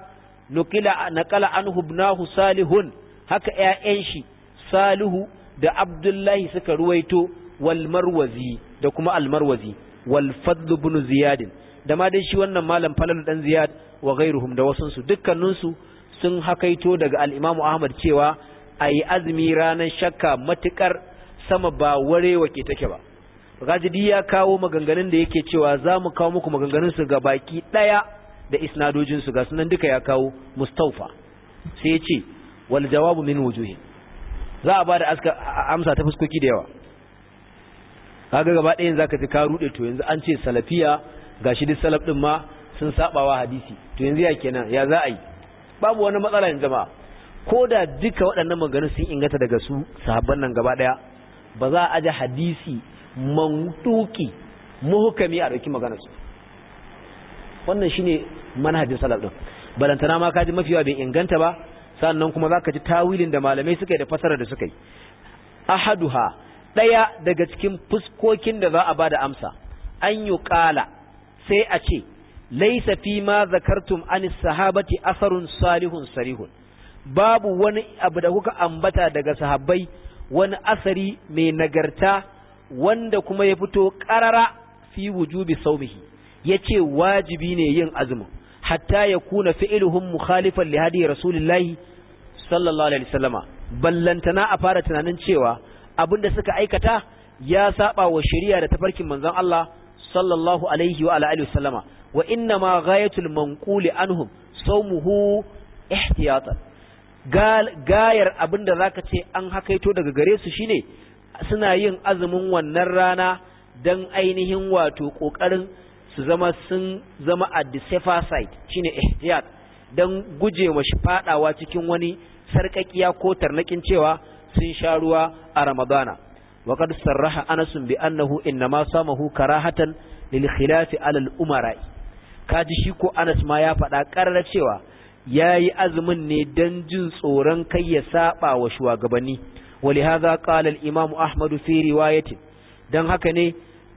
nuqila naqala an hubnahu salihun haka ƴaƴan shi salihu da abdullahi suka ruwaito wal marwazi da kuma al marwazi wal fadl ibn ziyad da ma dai shi wannan malam falal dan ziyad wa ghairuhum da wasun su dukkanin su sun hakaito daga al imamu ahmad cewa ayi azumi ranar shakka matukar sama ba warewa ke take ba rajidi ya kawo maganganun da yake cewa za mu kawo muku maganganun su ga baki ɗaya da isnadojin su ga sunan duka ya kawo mustaufa sai ya ce wal jawabu min wujuhin za a bada aska amsa ta fuskoki da yawa kaga gaba ɗayan zaka ji ka rude to yanzu an ce salafiya gashi duk salaf din ma sun sabawa hadisi to yanzu ya kenan ya za a yi babu wani matsala yanzu ma ko da duka waɗannan maganganun sun ingata daga su sahabban nan gaba daya ba za a aji hadisi tuki muhukami a ɗauki maganarsu wannan shine manhajin salaf ɗin balantana ma kaji mafiya bai inganta ba sannan kuma za ka ji tawilin da malamai suka yi da fasarar da suka yi ahaduha ɗaya daga cikin fuskokin da za a ba da amsa an yi ƙala sai a ce laisa fi ma zakartum an sahabati asarun salihun sarihun babu wani abu da kuka ambata daga sahabbai wani asari mai nagarta wanda kuma ya fito ƙarara fi wujubi saumihi ce wajibi ne yin azumin hatta ya kuna fi'iluhum mukhalifan lihadi hadi rasulillahi sallallahu alaihi wasallama ballantana a fara tunanin cewa abinda suka aikata ya saba wa shari'a da tafarkin manzon Allah sallallahu alaihi wa alihi wasallama wa inna ma ghayatul manquli anhum sawmuhu ihtiyatan gayar abin da za ka ce an hakaito daga gare su shine suna yin azumin wannan rana don ainihin wato ƙoƙarin su zama sun zama a the safer side shine ihtiyat don gujewa shi fadawa cikin wani sarkakiya ko tarnakin cewa sun sha ruwa a ramadana wa qad sarraha anas bi annahu inma samahu karahatan lil khilaf ala al umara kaji shi ko anas ma ya faɗa karar cewa ya yi azumin ne don jin tsoron kai ya saba wa shugabanni walihaza kalal imamu ahmadu fi ce don haka ne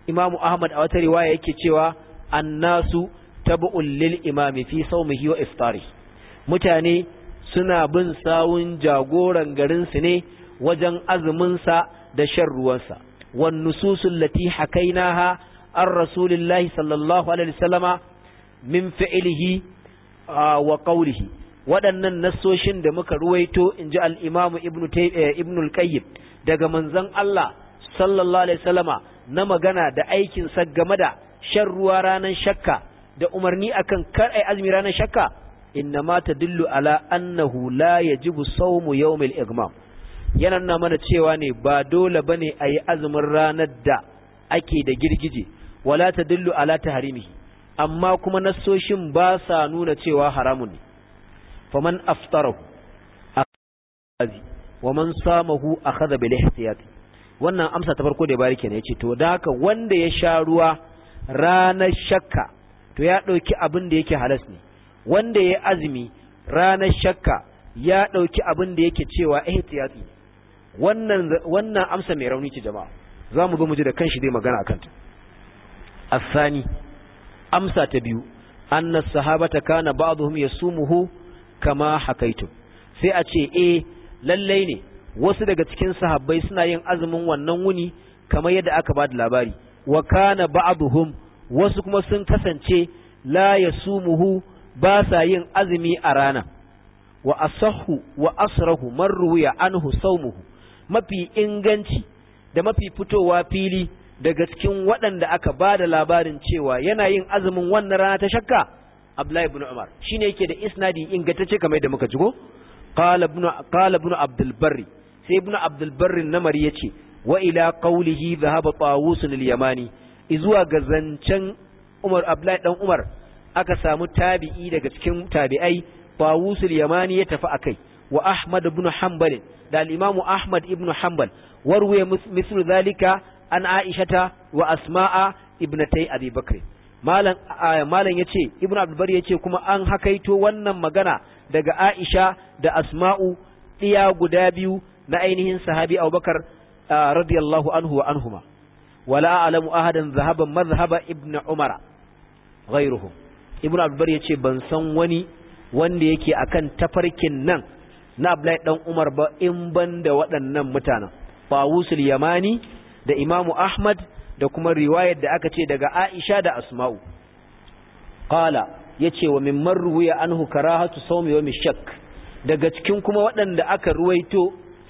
imamu ahmad a wata riwaya yake cewa an nasu tabu'un lil imami fi saumihi wa mutane suna bin sawun jagoran garinsu ne wajen azuminsa da shan ruwansa wan nususul lati an ar rasulillahi sallallahu alaihi wasallama min fi'lihi wa qawlihi waɗannan nassoshin da muka ruwaito inji al-Imam Ibn eh, Ibn al-Qayyim daga manzon Allah sallallahu alaihi wasallama na magana da aikin sa game da shan ruwa ranan shakka da umarni akan kar ai azumi ranan shakka inna ma tadullu ala annahu la yajibu sawmu yawmil igmam yana nuna mana cewa ne ba dole bane ayi azumin ranar da ake da girgije wala tadullu ala taharimi amma kuma nasoshin ba sa nuna cewa haramun ne faman aftarahu azi wa man samahu akhadha bil ihtiyati wannan amsa ta farko da bari kenan yace to da haka wanda ya sha ruwa ranar shakka to ya dauki abin da yake halas ne wanda ya azumi ranar shakka ya dauki abin da yake cewa ihtiyati wannan wannan amsa mai rauni ce jama'a zamu zo mu ji da kanshi dai magana akan ta asani amsa ta biyu anna sahabata kana ba'dhum yasumuhu kama hakaitu sai a ce eh lallai ne wasu daga cikin sahabbai suna yin azumin wannan wuni kamar yadda aka ba da labari wa kana ba'dhum wasu kuma sun kasance la yasumuhu ba sa yin azumi a rana wa asahhu wa asrahu marruya anhu sawmuhu mafi inganci da mafi fitowa fili daga cikin waɗanda aka ba da labarin cewa yana yin azumin wannan rana ta shakka Abdullahi ibn Umar shine yake da isnadi ingantacce kamar yadda muka ji qala ibn qala ibn Abdul Barri sai ibn Abdul Barri namari yace wa ila qawlihi dhahaba Tawus al-Yamani izuwa ga zancen Umar Abdullahi dan Umar aka samu tabi'i daga cikin tabi'ai Tawus al-Yamani ya tafi akai wa Ahmad ibn Hanbal da al-Imam Ahmad ibn Hanbal warwe mislu zalika an aishata wa asma'a ibnatai abi bakr malam malam yace ibnu abdulbar yace kuma an hakaito wannan magana daga aisha da asma'u ɗiya guda biyu na ainihin sahabi abubakar radiyallahu anhu wa anhuma wala a'lamu ahadan zahaban madhhaba umar ghayruhu ibn ibnu abdulbar yace ban san wani wanda yake akan tafarkin nan na Abdullahi dan Umar ba in ban da waɗannan mutanen fawusul Yamani da imamu ahmad da kuma riwayar da aka ce daga aisha da asma'u qala yace wa min marruya anhu karahatu sawmi yawm shakk daga cikin kuma waɗanda aka ruwaito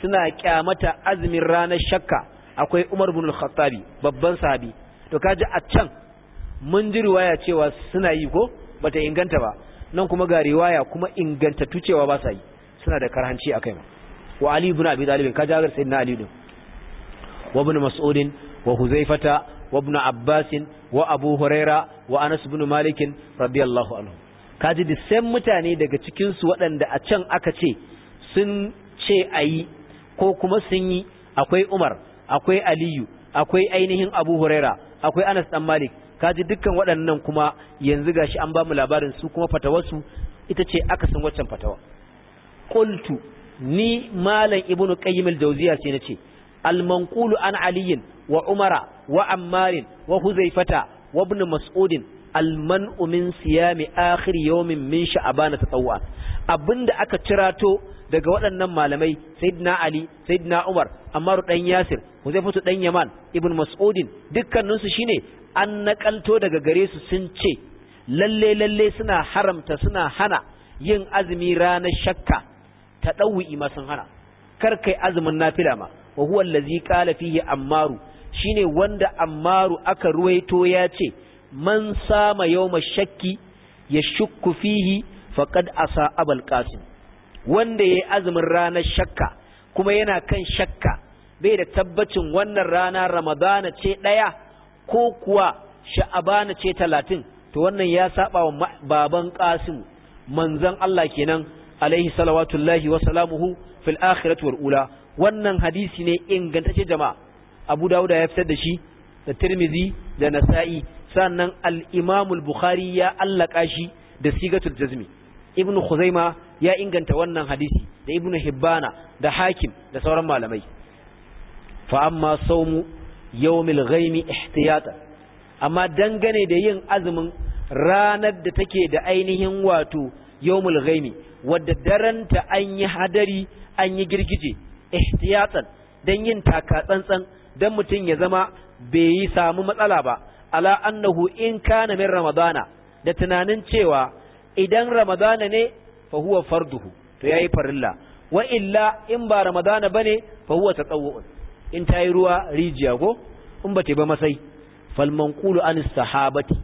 suna kyamata azumin ranar shakka akwai Umar ibn al-Khattabi babban sahabi to kaji a can mun ji riwaya cewa suna yi ko bata inganta ba nan kuma ga riwaya kuma ingantattu cewa ba sa yi suna da karhanci akai ma wa Ali ibn Abi Talib kaji agar na Ali din وابن مسعود وهذيفة وابن عباس وأبو هريرة وأنس بن مالك رضي الله عنه kaji da sai mutane daga cikinsu waɗanda a can aka ce sun ce a yi ko kuma sun yi akwai umar akwai aliyu akwai ainihin abu huraira akwai anas dan malik kaji dukkan waɗannan kuma yanzu gashi an ba mu labarin su kuma fatawarsu ita ce aka san waccan fatawa kultu ni malam ibnu qayyim al-jawziya sai ce. المنقول عن علي وعمر وعمار وحذيفة وابن مسعود المنع من صيام آخر يوم من شعبان abin abinda aka cirato daga waɗannan malamai sayyidina ali sayyidina umar ammaru dan yasir huzaifatu dan yaman ibn mas'udin dukkanin su shine an nakalto daga gare su sun ce lalle lalle suna haramta suna hana yin azumi ranar shakka ta ɗauwi ma sun hana kar kai azumin nafila ma wa huwa allazi qala fihi ammaru shine wanda ammaru aka ruwaito ya ce man sama yawma shakki ya shukku fihi faqad asa abul qasim wanda yayi azumin ranar shakka kuma yana kan shakka bai da tabbacin wannan rana ramadana ce daya ko kuwa sha'abana ce talatin to wannan ya saba wa baban qasim manzon Allah kenan alaihi salawatullahi wa salamuhu fil akhirati wal ula wannan hadisi ne ingantacce jama'a abu dawuda ya fitar da shi da tirmizi da nasa'i sannan al-imam al-bukhari ya allaka shi da sigatul jazmi ibnu khuzaima ya inganta wannan hadisi da ibnu hibbana da hakim da sauran malamai fa amma sawmu yawmil ghaimi ihtiyata amma dangane da yin azumin ranar da take da ainihin wato yawmul ghaimi wadda daranta an yi hadari an yi girgije ihtiyatan dan yin taka tsantsan dan mutum ya zama bai yi samu matsala ba ala annahu in kana min ramadana da tunanin cewa idan ramadana ne fa huwa farduhu to yayi farilla wa illa in ba ramadana bane fa huwa tatawwu in tayi ruwa rijiya go in bata ba masai fal manqulu an sahabati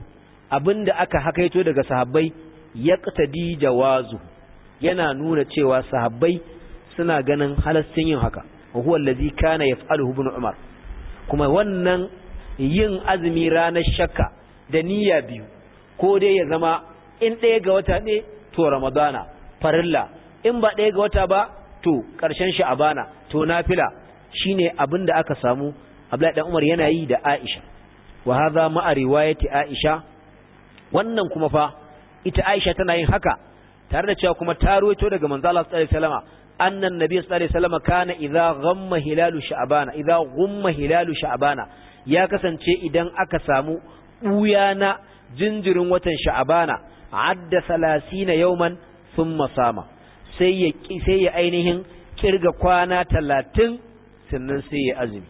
abinda aka hakaito daga sahabbai yaqtadi jawazu yana nuna cewa sahabbai suna ganin halastin yin haka huwa allazi kana yaf'aluhu ibn umar kuma wannan yin azumi ranar shakka da niyya biyu ko dai ya zama in ɗaya ga wata ne to ramadana farilla in ba ɗaya ga wata ba to ƙarshen sha'abana to nafila shine abin da aka samu Abdullahi dan Umar yana yi da Aisha wa hadha ma'a riwayati Aisha wannan kuma fa ita Aisha tana yin haka tare da cewa kuma ta ruwaito daga manzo Allah sallallahu alaihi wasallam annan nabi sallallahu alaihi wasallam hilalu sha'bana ya kasance idan aka samu buya na jinjirin watan sha'abana adda 30 yawman thumma sama sai ya sai ya ainihin kirga kwana 30 sannan sai ya azumi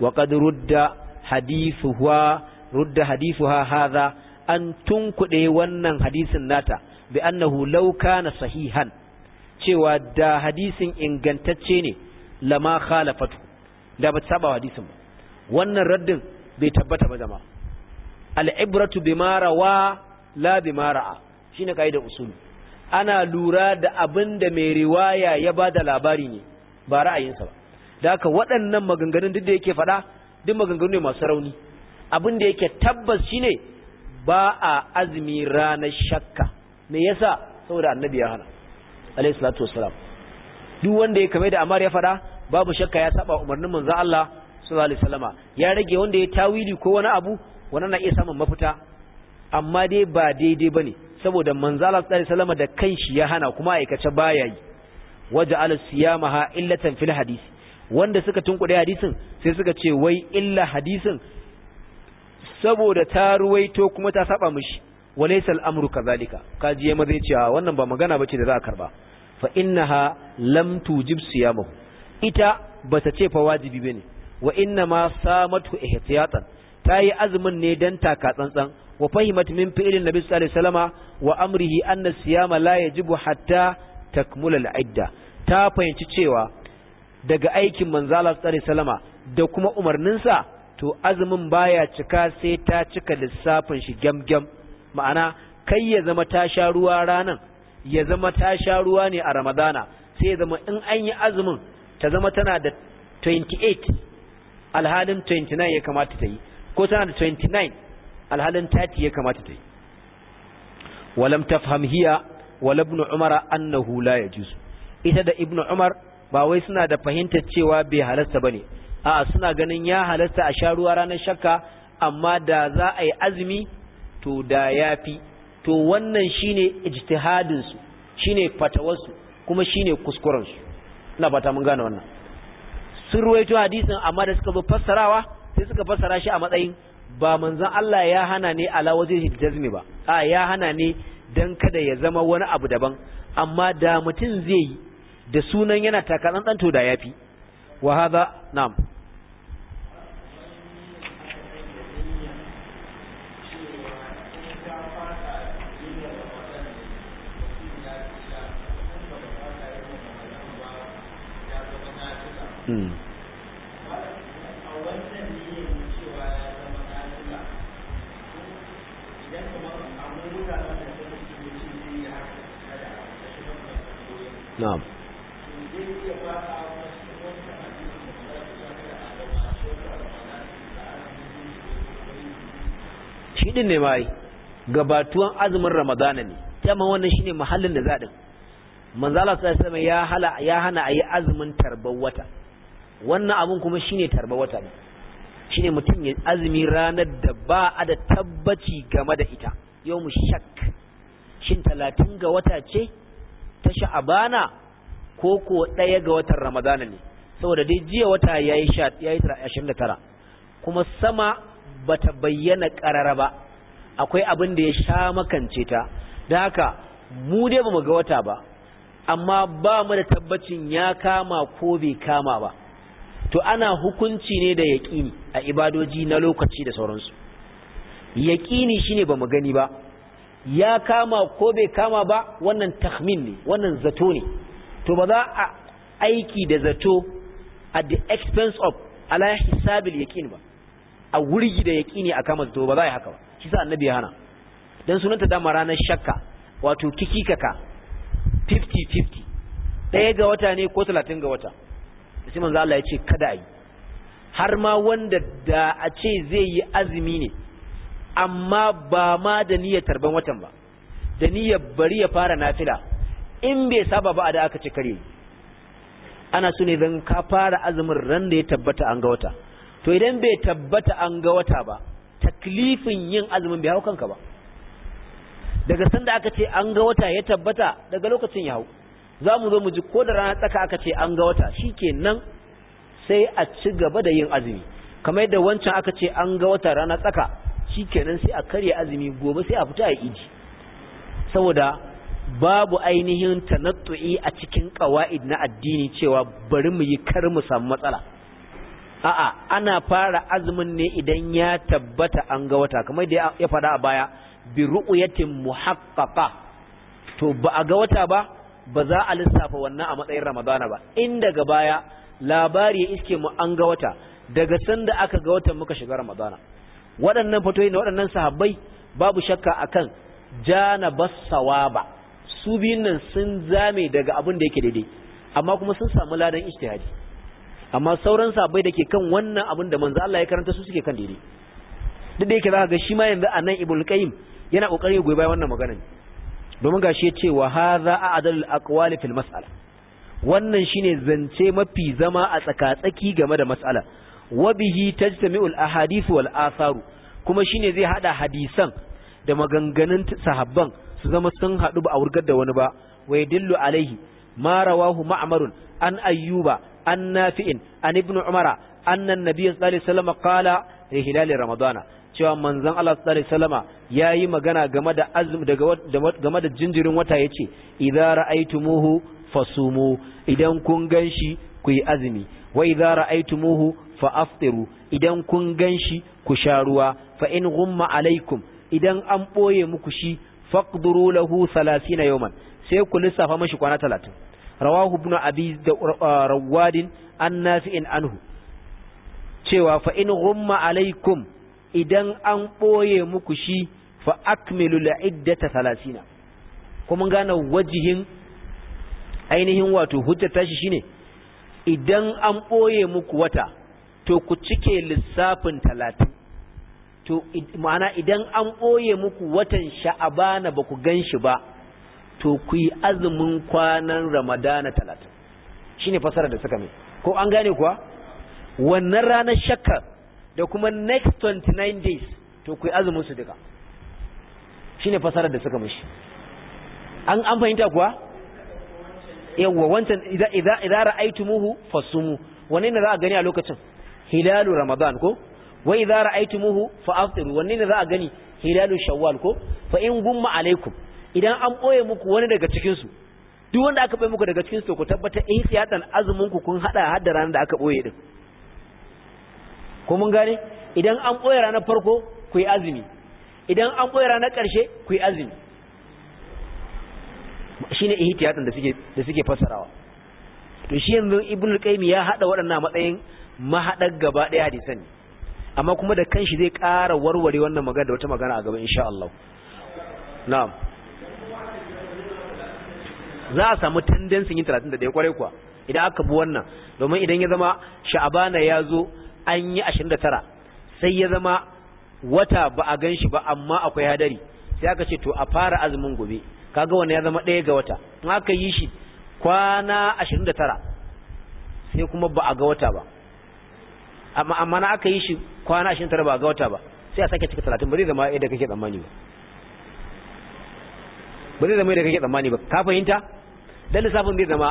wa qad rudda hadithuha rudda hadithuha hadha an wannan hadisin nata bi annahu law kana sahihan cewa da hadisin ingantacce ne lama khalafatu da ba saba hadisin wannan raddin bai tabbata ba zama al'ibratu bima rawa la bima ra'a shine kaidar usul ana lura da abinda da mai riwaya ya ba da labari ne ba ra'ayinsa ba da haka waɗannan maganganun duk da yake faɗa duk maganganu ne masu rauni abin da yake tabbas shine ba a azumi ranar shakka me yasa saboda annabi ya hana alaihi salatu wassalam duk wanda ya kame da amar ya fada babu shakka ya saba umarnin manzo Allah sallallahu alaihi wasallama ya rage wanda ya tawili ko wani abu wannan na iya samun mafita amma dai ba daidai bane saboda manzo Allah sallallahu alaihi wasallama da kanshi ya hana kuma aikace baya yi waja'al siyamaha illatan fil hadisi wanda suka tunkuɗe hadisin sai suka ce wai illa hadisin saboda ta ruwaito kuma ta saba mishi walaysa al-amru kadhalika kaji yamma wannan ba magana bace da za a karba fa innaha lam tujib siyamahu ita bata ce fa wajibi bane wa inna ma samatu ihtiyatan tayi azumin ne dan taka tsantsan wa fahimat min fi'lin nabi sallallahu alaihi wasallama wa amrihi anna siyama la yajibu hatta ta fahimci cewa daga aikin manzala sallallahu da kuma umarninsa to azumin baya cika sai ta cika lissafin shi gyamgyam ma'ana kai ya zama ta sha ruwa ranan ya zama ta sha ruwa ne a ramadana sai ya zama in an yi azumin ta zama tana da 28 alhalin 29 ya kamata ta yi ko tana da 29 alhalin 30 ya kamata ta yi walam tafham hiya wal ibn umar annahu la yajuz ita da ibn umar ba wai suna da fahimtar cewa bai halasta bane a'a suna ganin ya halasta a sha ruwa ranar shakka amma da za a yi azumi to da ya fi to wannan shine ijtihadinsu shine fatawarsu kuma shine kuskurensu. ina fata mun gane wannan sun ruwaito hadisin amma da suka bi fassarawa sai suka fassara shi a matsayin ba manzon Allah ya hana ne ala wajhi hijjazmi ba a ya hana ne dan kada ya zama wani abu daban amma da mutum zai yi da sunan yana taka to da yafi wa hadha na'am Hmm. na'am shi din ne mai gabatuwan azumin ramadana ne amma wannan shine mahallin da zaɗin manzala sallallahu alaihi ya hala ya hana ayi azumin tarbar wata wannan abin kuma shine tarba wata ne shine mutum ya azumi ranar da ba a da tabbaci game da ita yawmu shak shin talatin ga wata ce ta sha'abana ko ko ɗaya ga watan ramadana ne saboda dai jiya wata ya yi ashirin da tara kuma sama bata bayyana ƙarara ba akwai abin da ya sha makance ta da haka mu dai ba mu ga wata ba amma ba mu da tabbacin ya kama ko bai kama ba to ana hukunci ne da yaƙini a ibadoji na lokaci da sauransu yaƙini shine ba mu gani ba ya kama ko bai kama ba wannan tahmin ne wannan zato ne to ba za a aiki da zato at the expense of ala hisabil yaqin ba a wurgi da yaƙini a kama zato ba za a yi haka ba shi sa annabi ya hana dan ta dama ranar shakka wato kikikaka 50 50 Ɗaya ga wata ne ko talatin ga wata da shi manzo Allah ya ce kada a yi har ma wanda da a ce zai yi azumi ne amma ba ma da niyyar tarban watan ba da niyyar bari ya fara nafila in bai saba ba da aka ce kare ana so ne zan ka fara azumin ran da ya tabbata an ga wata to idan bai tabbata an ga wata ba taklifin yin azumin bai hau kanka ba daga sanda aka ce an ga wata ya tabbata daga lokacin ya hau za mu zo mu ji ko da rana tsaka aka ce an ga wata shikenan sai a ci gaba da yin azumi kamar yadda wancan aka ce an ga wata rana tsaka shikenan sai a karya azumi gobe sai a fita a iji saboda babu ainihin tanattu'i a cikin qawaid na addini cewa bari mu yi kar mu samu matsala a'a ana fara azumin ne idan ya tabbata an ga wata kamar da ya faɗa a baya bi ru'yatin muhaqqaqa to ba a ga wata ba ba za a lissafa wannan a matsayin ramadana ba inda ga baya labari ya iske mu an ga wata daga sanda aka ga watan muka shiga ramadana waɗannan fatoyi na waɗannan sahabbai babu shakka akan jana basawa ba su biyun nan sun zame daga abin da yake daidai amma kuma sun samu ladan ijtihadi amma sauran sahabbai da ke kan wannan abin da manzo Allah ya karanta su suke kan daidai duk da yake za ga shi ma yanzu anan ibnu qayyim yana ƙoƙarin ya goyi bayan wannan maganar. domin ya ce wa a adal akwali fil mas'ala wannan shine zance mafi zama a tsakatsaki game da mas'ala wa bihi tajtami'ul ahadith wal atharu kuma shine zai hada hadisan da maganganun sahabban su zama sun hadu ba a wurgar da wani ba wa yadullu alaihi ma rawahu an ayyuba an nafi'in an ibnu umara anna an-nabiy sallallahu alaihi wasallam qala li hilal ramadana cewa manzon Allah sallallahu alaihi wasallama yayi magana game da azm daga game da jinjirin wata yace idza ra'aytumuhu fasumu idan kun ganshi ku yi azumi wa idza ra'aytumuhu aftiru idan kun ganshi ku sha ruwa fa in ghumma alaikum idan an boye muku shi faqduru lahu 30 yawman sai ku lissafa mashi kwana 30 rawahu ibn abi uh, rawadin an nafi'in anhu cewa fa in ghumma alaikum idan an ɓoye muku shi fa akmilu la'iddata talasina kuma gane wajihin ainihin wato hujjar tashi shine idan an ɓoye muku wata to ku cike lissafin talatin to ma'ana idan an ɓoye muku watan sha'abana ba ku gan shi ba to ku yi azumin kwanan ramadana talatin shine fasara da suka mai ko an gane kuwa wannan ranar shakkar da kuma next 29 days to ku azumin su duka shine fasarar da suka mishi an an fahimta kuwa yawa wancan idza idza idza ra'aytumuhu fasumu wanne ne za a gani a lokacin hilalu ramadan ko wa idza ra'aytumuhu fa'aftiru wanne ne za a gani hilalu shawwal ko fa in gumma alaikum idan an boye muku wani daga cikin su duk wanda aka bai muku daga cikin su ko ku tabbata ihtiyatan eh, azumin ku kun hada har da ranar da aka boye din ko mun gane idan an ɓoye ranar farko ku yi azumi idan an ɓoye ranar ƙarshe ku yi azumi shi ne ihtiyatan da suke fasarawa to shi yanzu ibn al-qayyim ya hada waɗannan matsayin mahadar gaba ɗaya hadisan amma kuma da kanshi zai ƙara warware wannan magana da wata magana a gaba insha Allah na'am za a samu tendency yin 31 kwarai kuwa idan aka bi wannan domin idan ya zama sha'abana ya zo an yi ashirin da tara sai ya zama wata ba a gan shi ba amma akwai hadari sai aka ce to a fara azumin gobe kaga wani ya zama ɗaya ga wata in aka yi shi kwana ashirin da tara sai kuma ba a ga wata ba amma amma na aka yi shi kwana ashirin tara ba a ga wata ba sai a sake cika 30 ba zai zama yadda kake tsammani ba ba zai zama yadda kake tsammani ba ka fahimta dan lissafin zai zama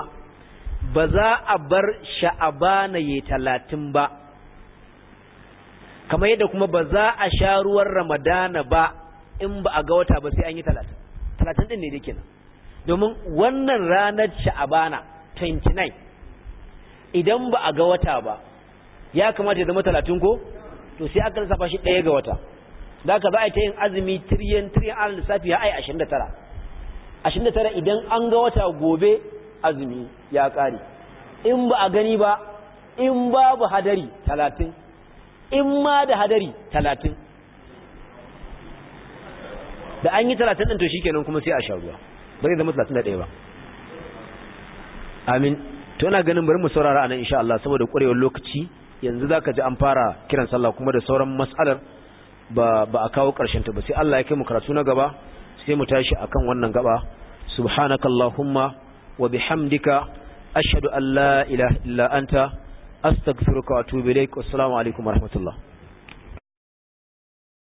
ba za a bar sha'abana yayi talatin ba kamar yadda kuma ba za a sha ruwan ramadana ba in ba a ga wata ba sai an yi talatin talatin din ne da kenan domin wannan ranar sha'abana 29 idan ba a ga wata ba ya kamata ya zama talatin ko to sai aka lissafa shi ɗaya ga wata da aka za a yi ta yin azumi tiriyan tiriyan an lissafi ya ai 29 29 idan an ga wata gobe azumi ya kare in ba a gani ba in babu hadari talatin in ma da hadari talatin da an yi talatin ɗin to shi kenan kuma sai a sha ruwa ba zai zama talatin da ɗaya ba amin to yana ganin bari mu saurara a nan insha Allah saboda ƙwarewar lokaci yanzu za ka ji an fara kiran sallah kuma da sauran mas'alar ba a kawo ƙarshen ta ba sai Allah ya kai mu karatu na gaba sai mu tashi akan wannan gaba subhanakallahumma wa bihamdika ashhadu an la ilaha illa anta astaghfiruka wa atubu ilaik assalamu alaikum warahmatullahi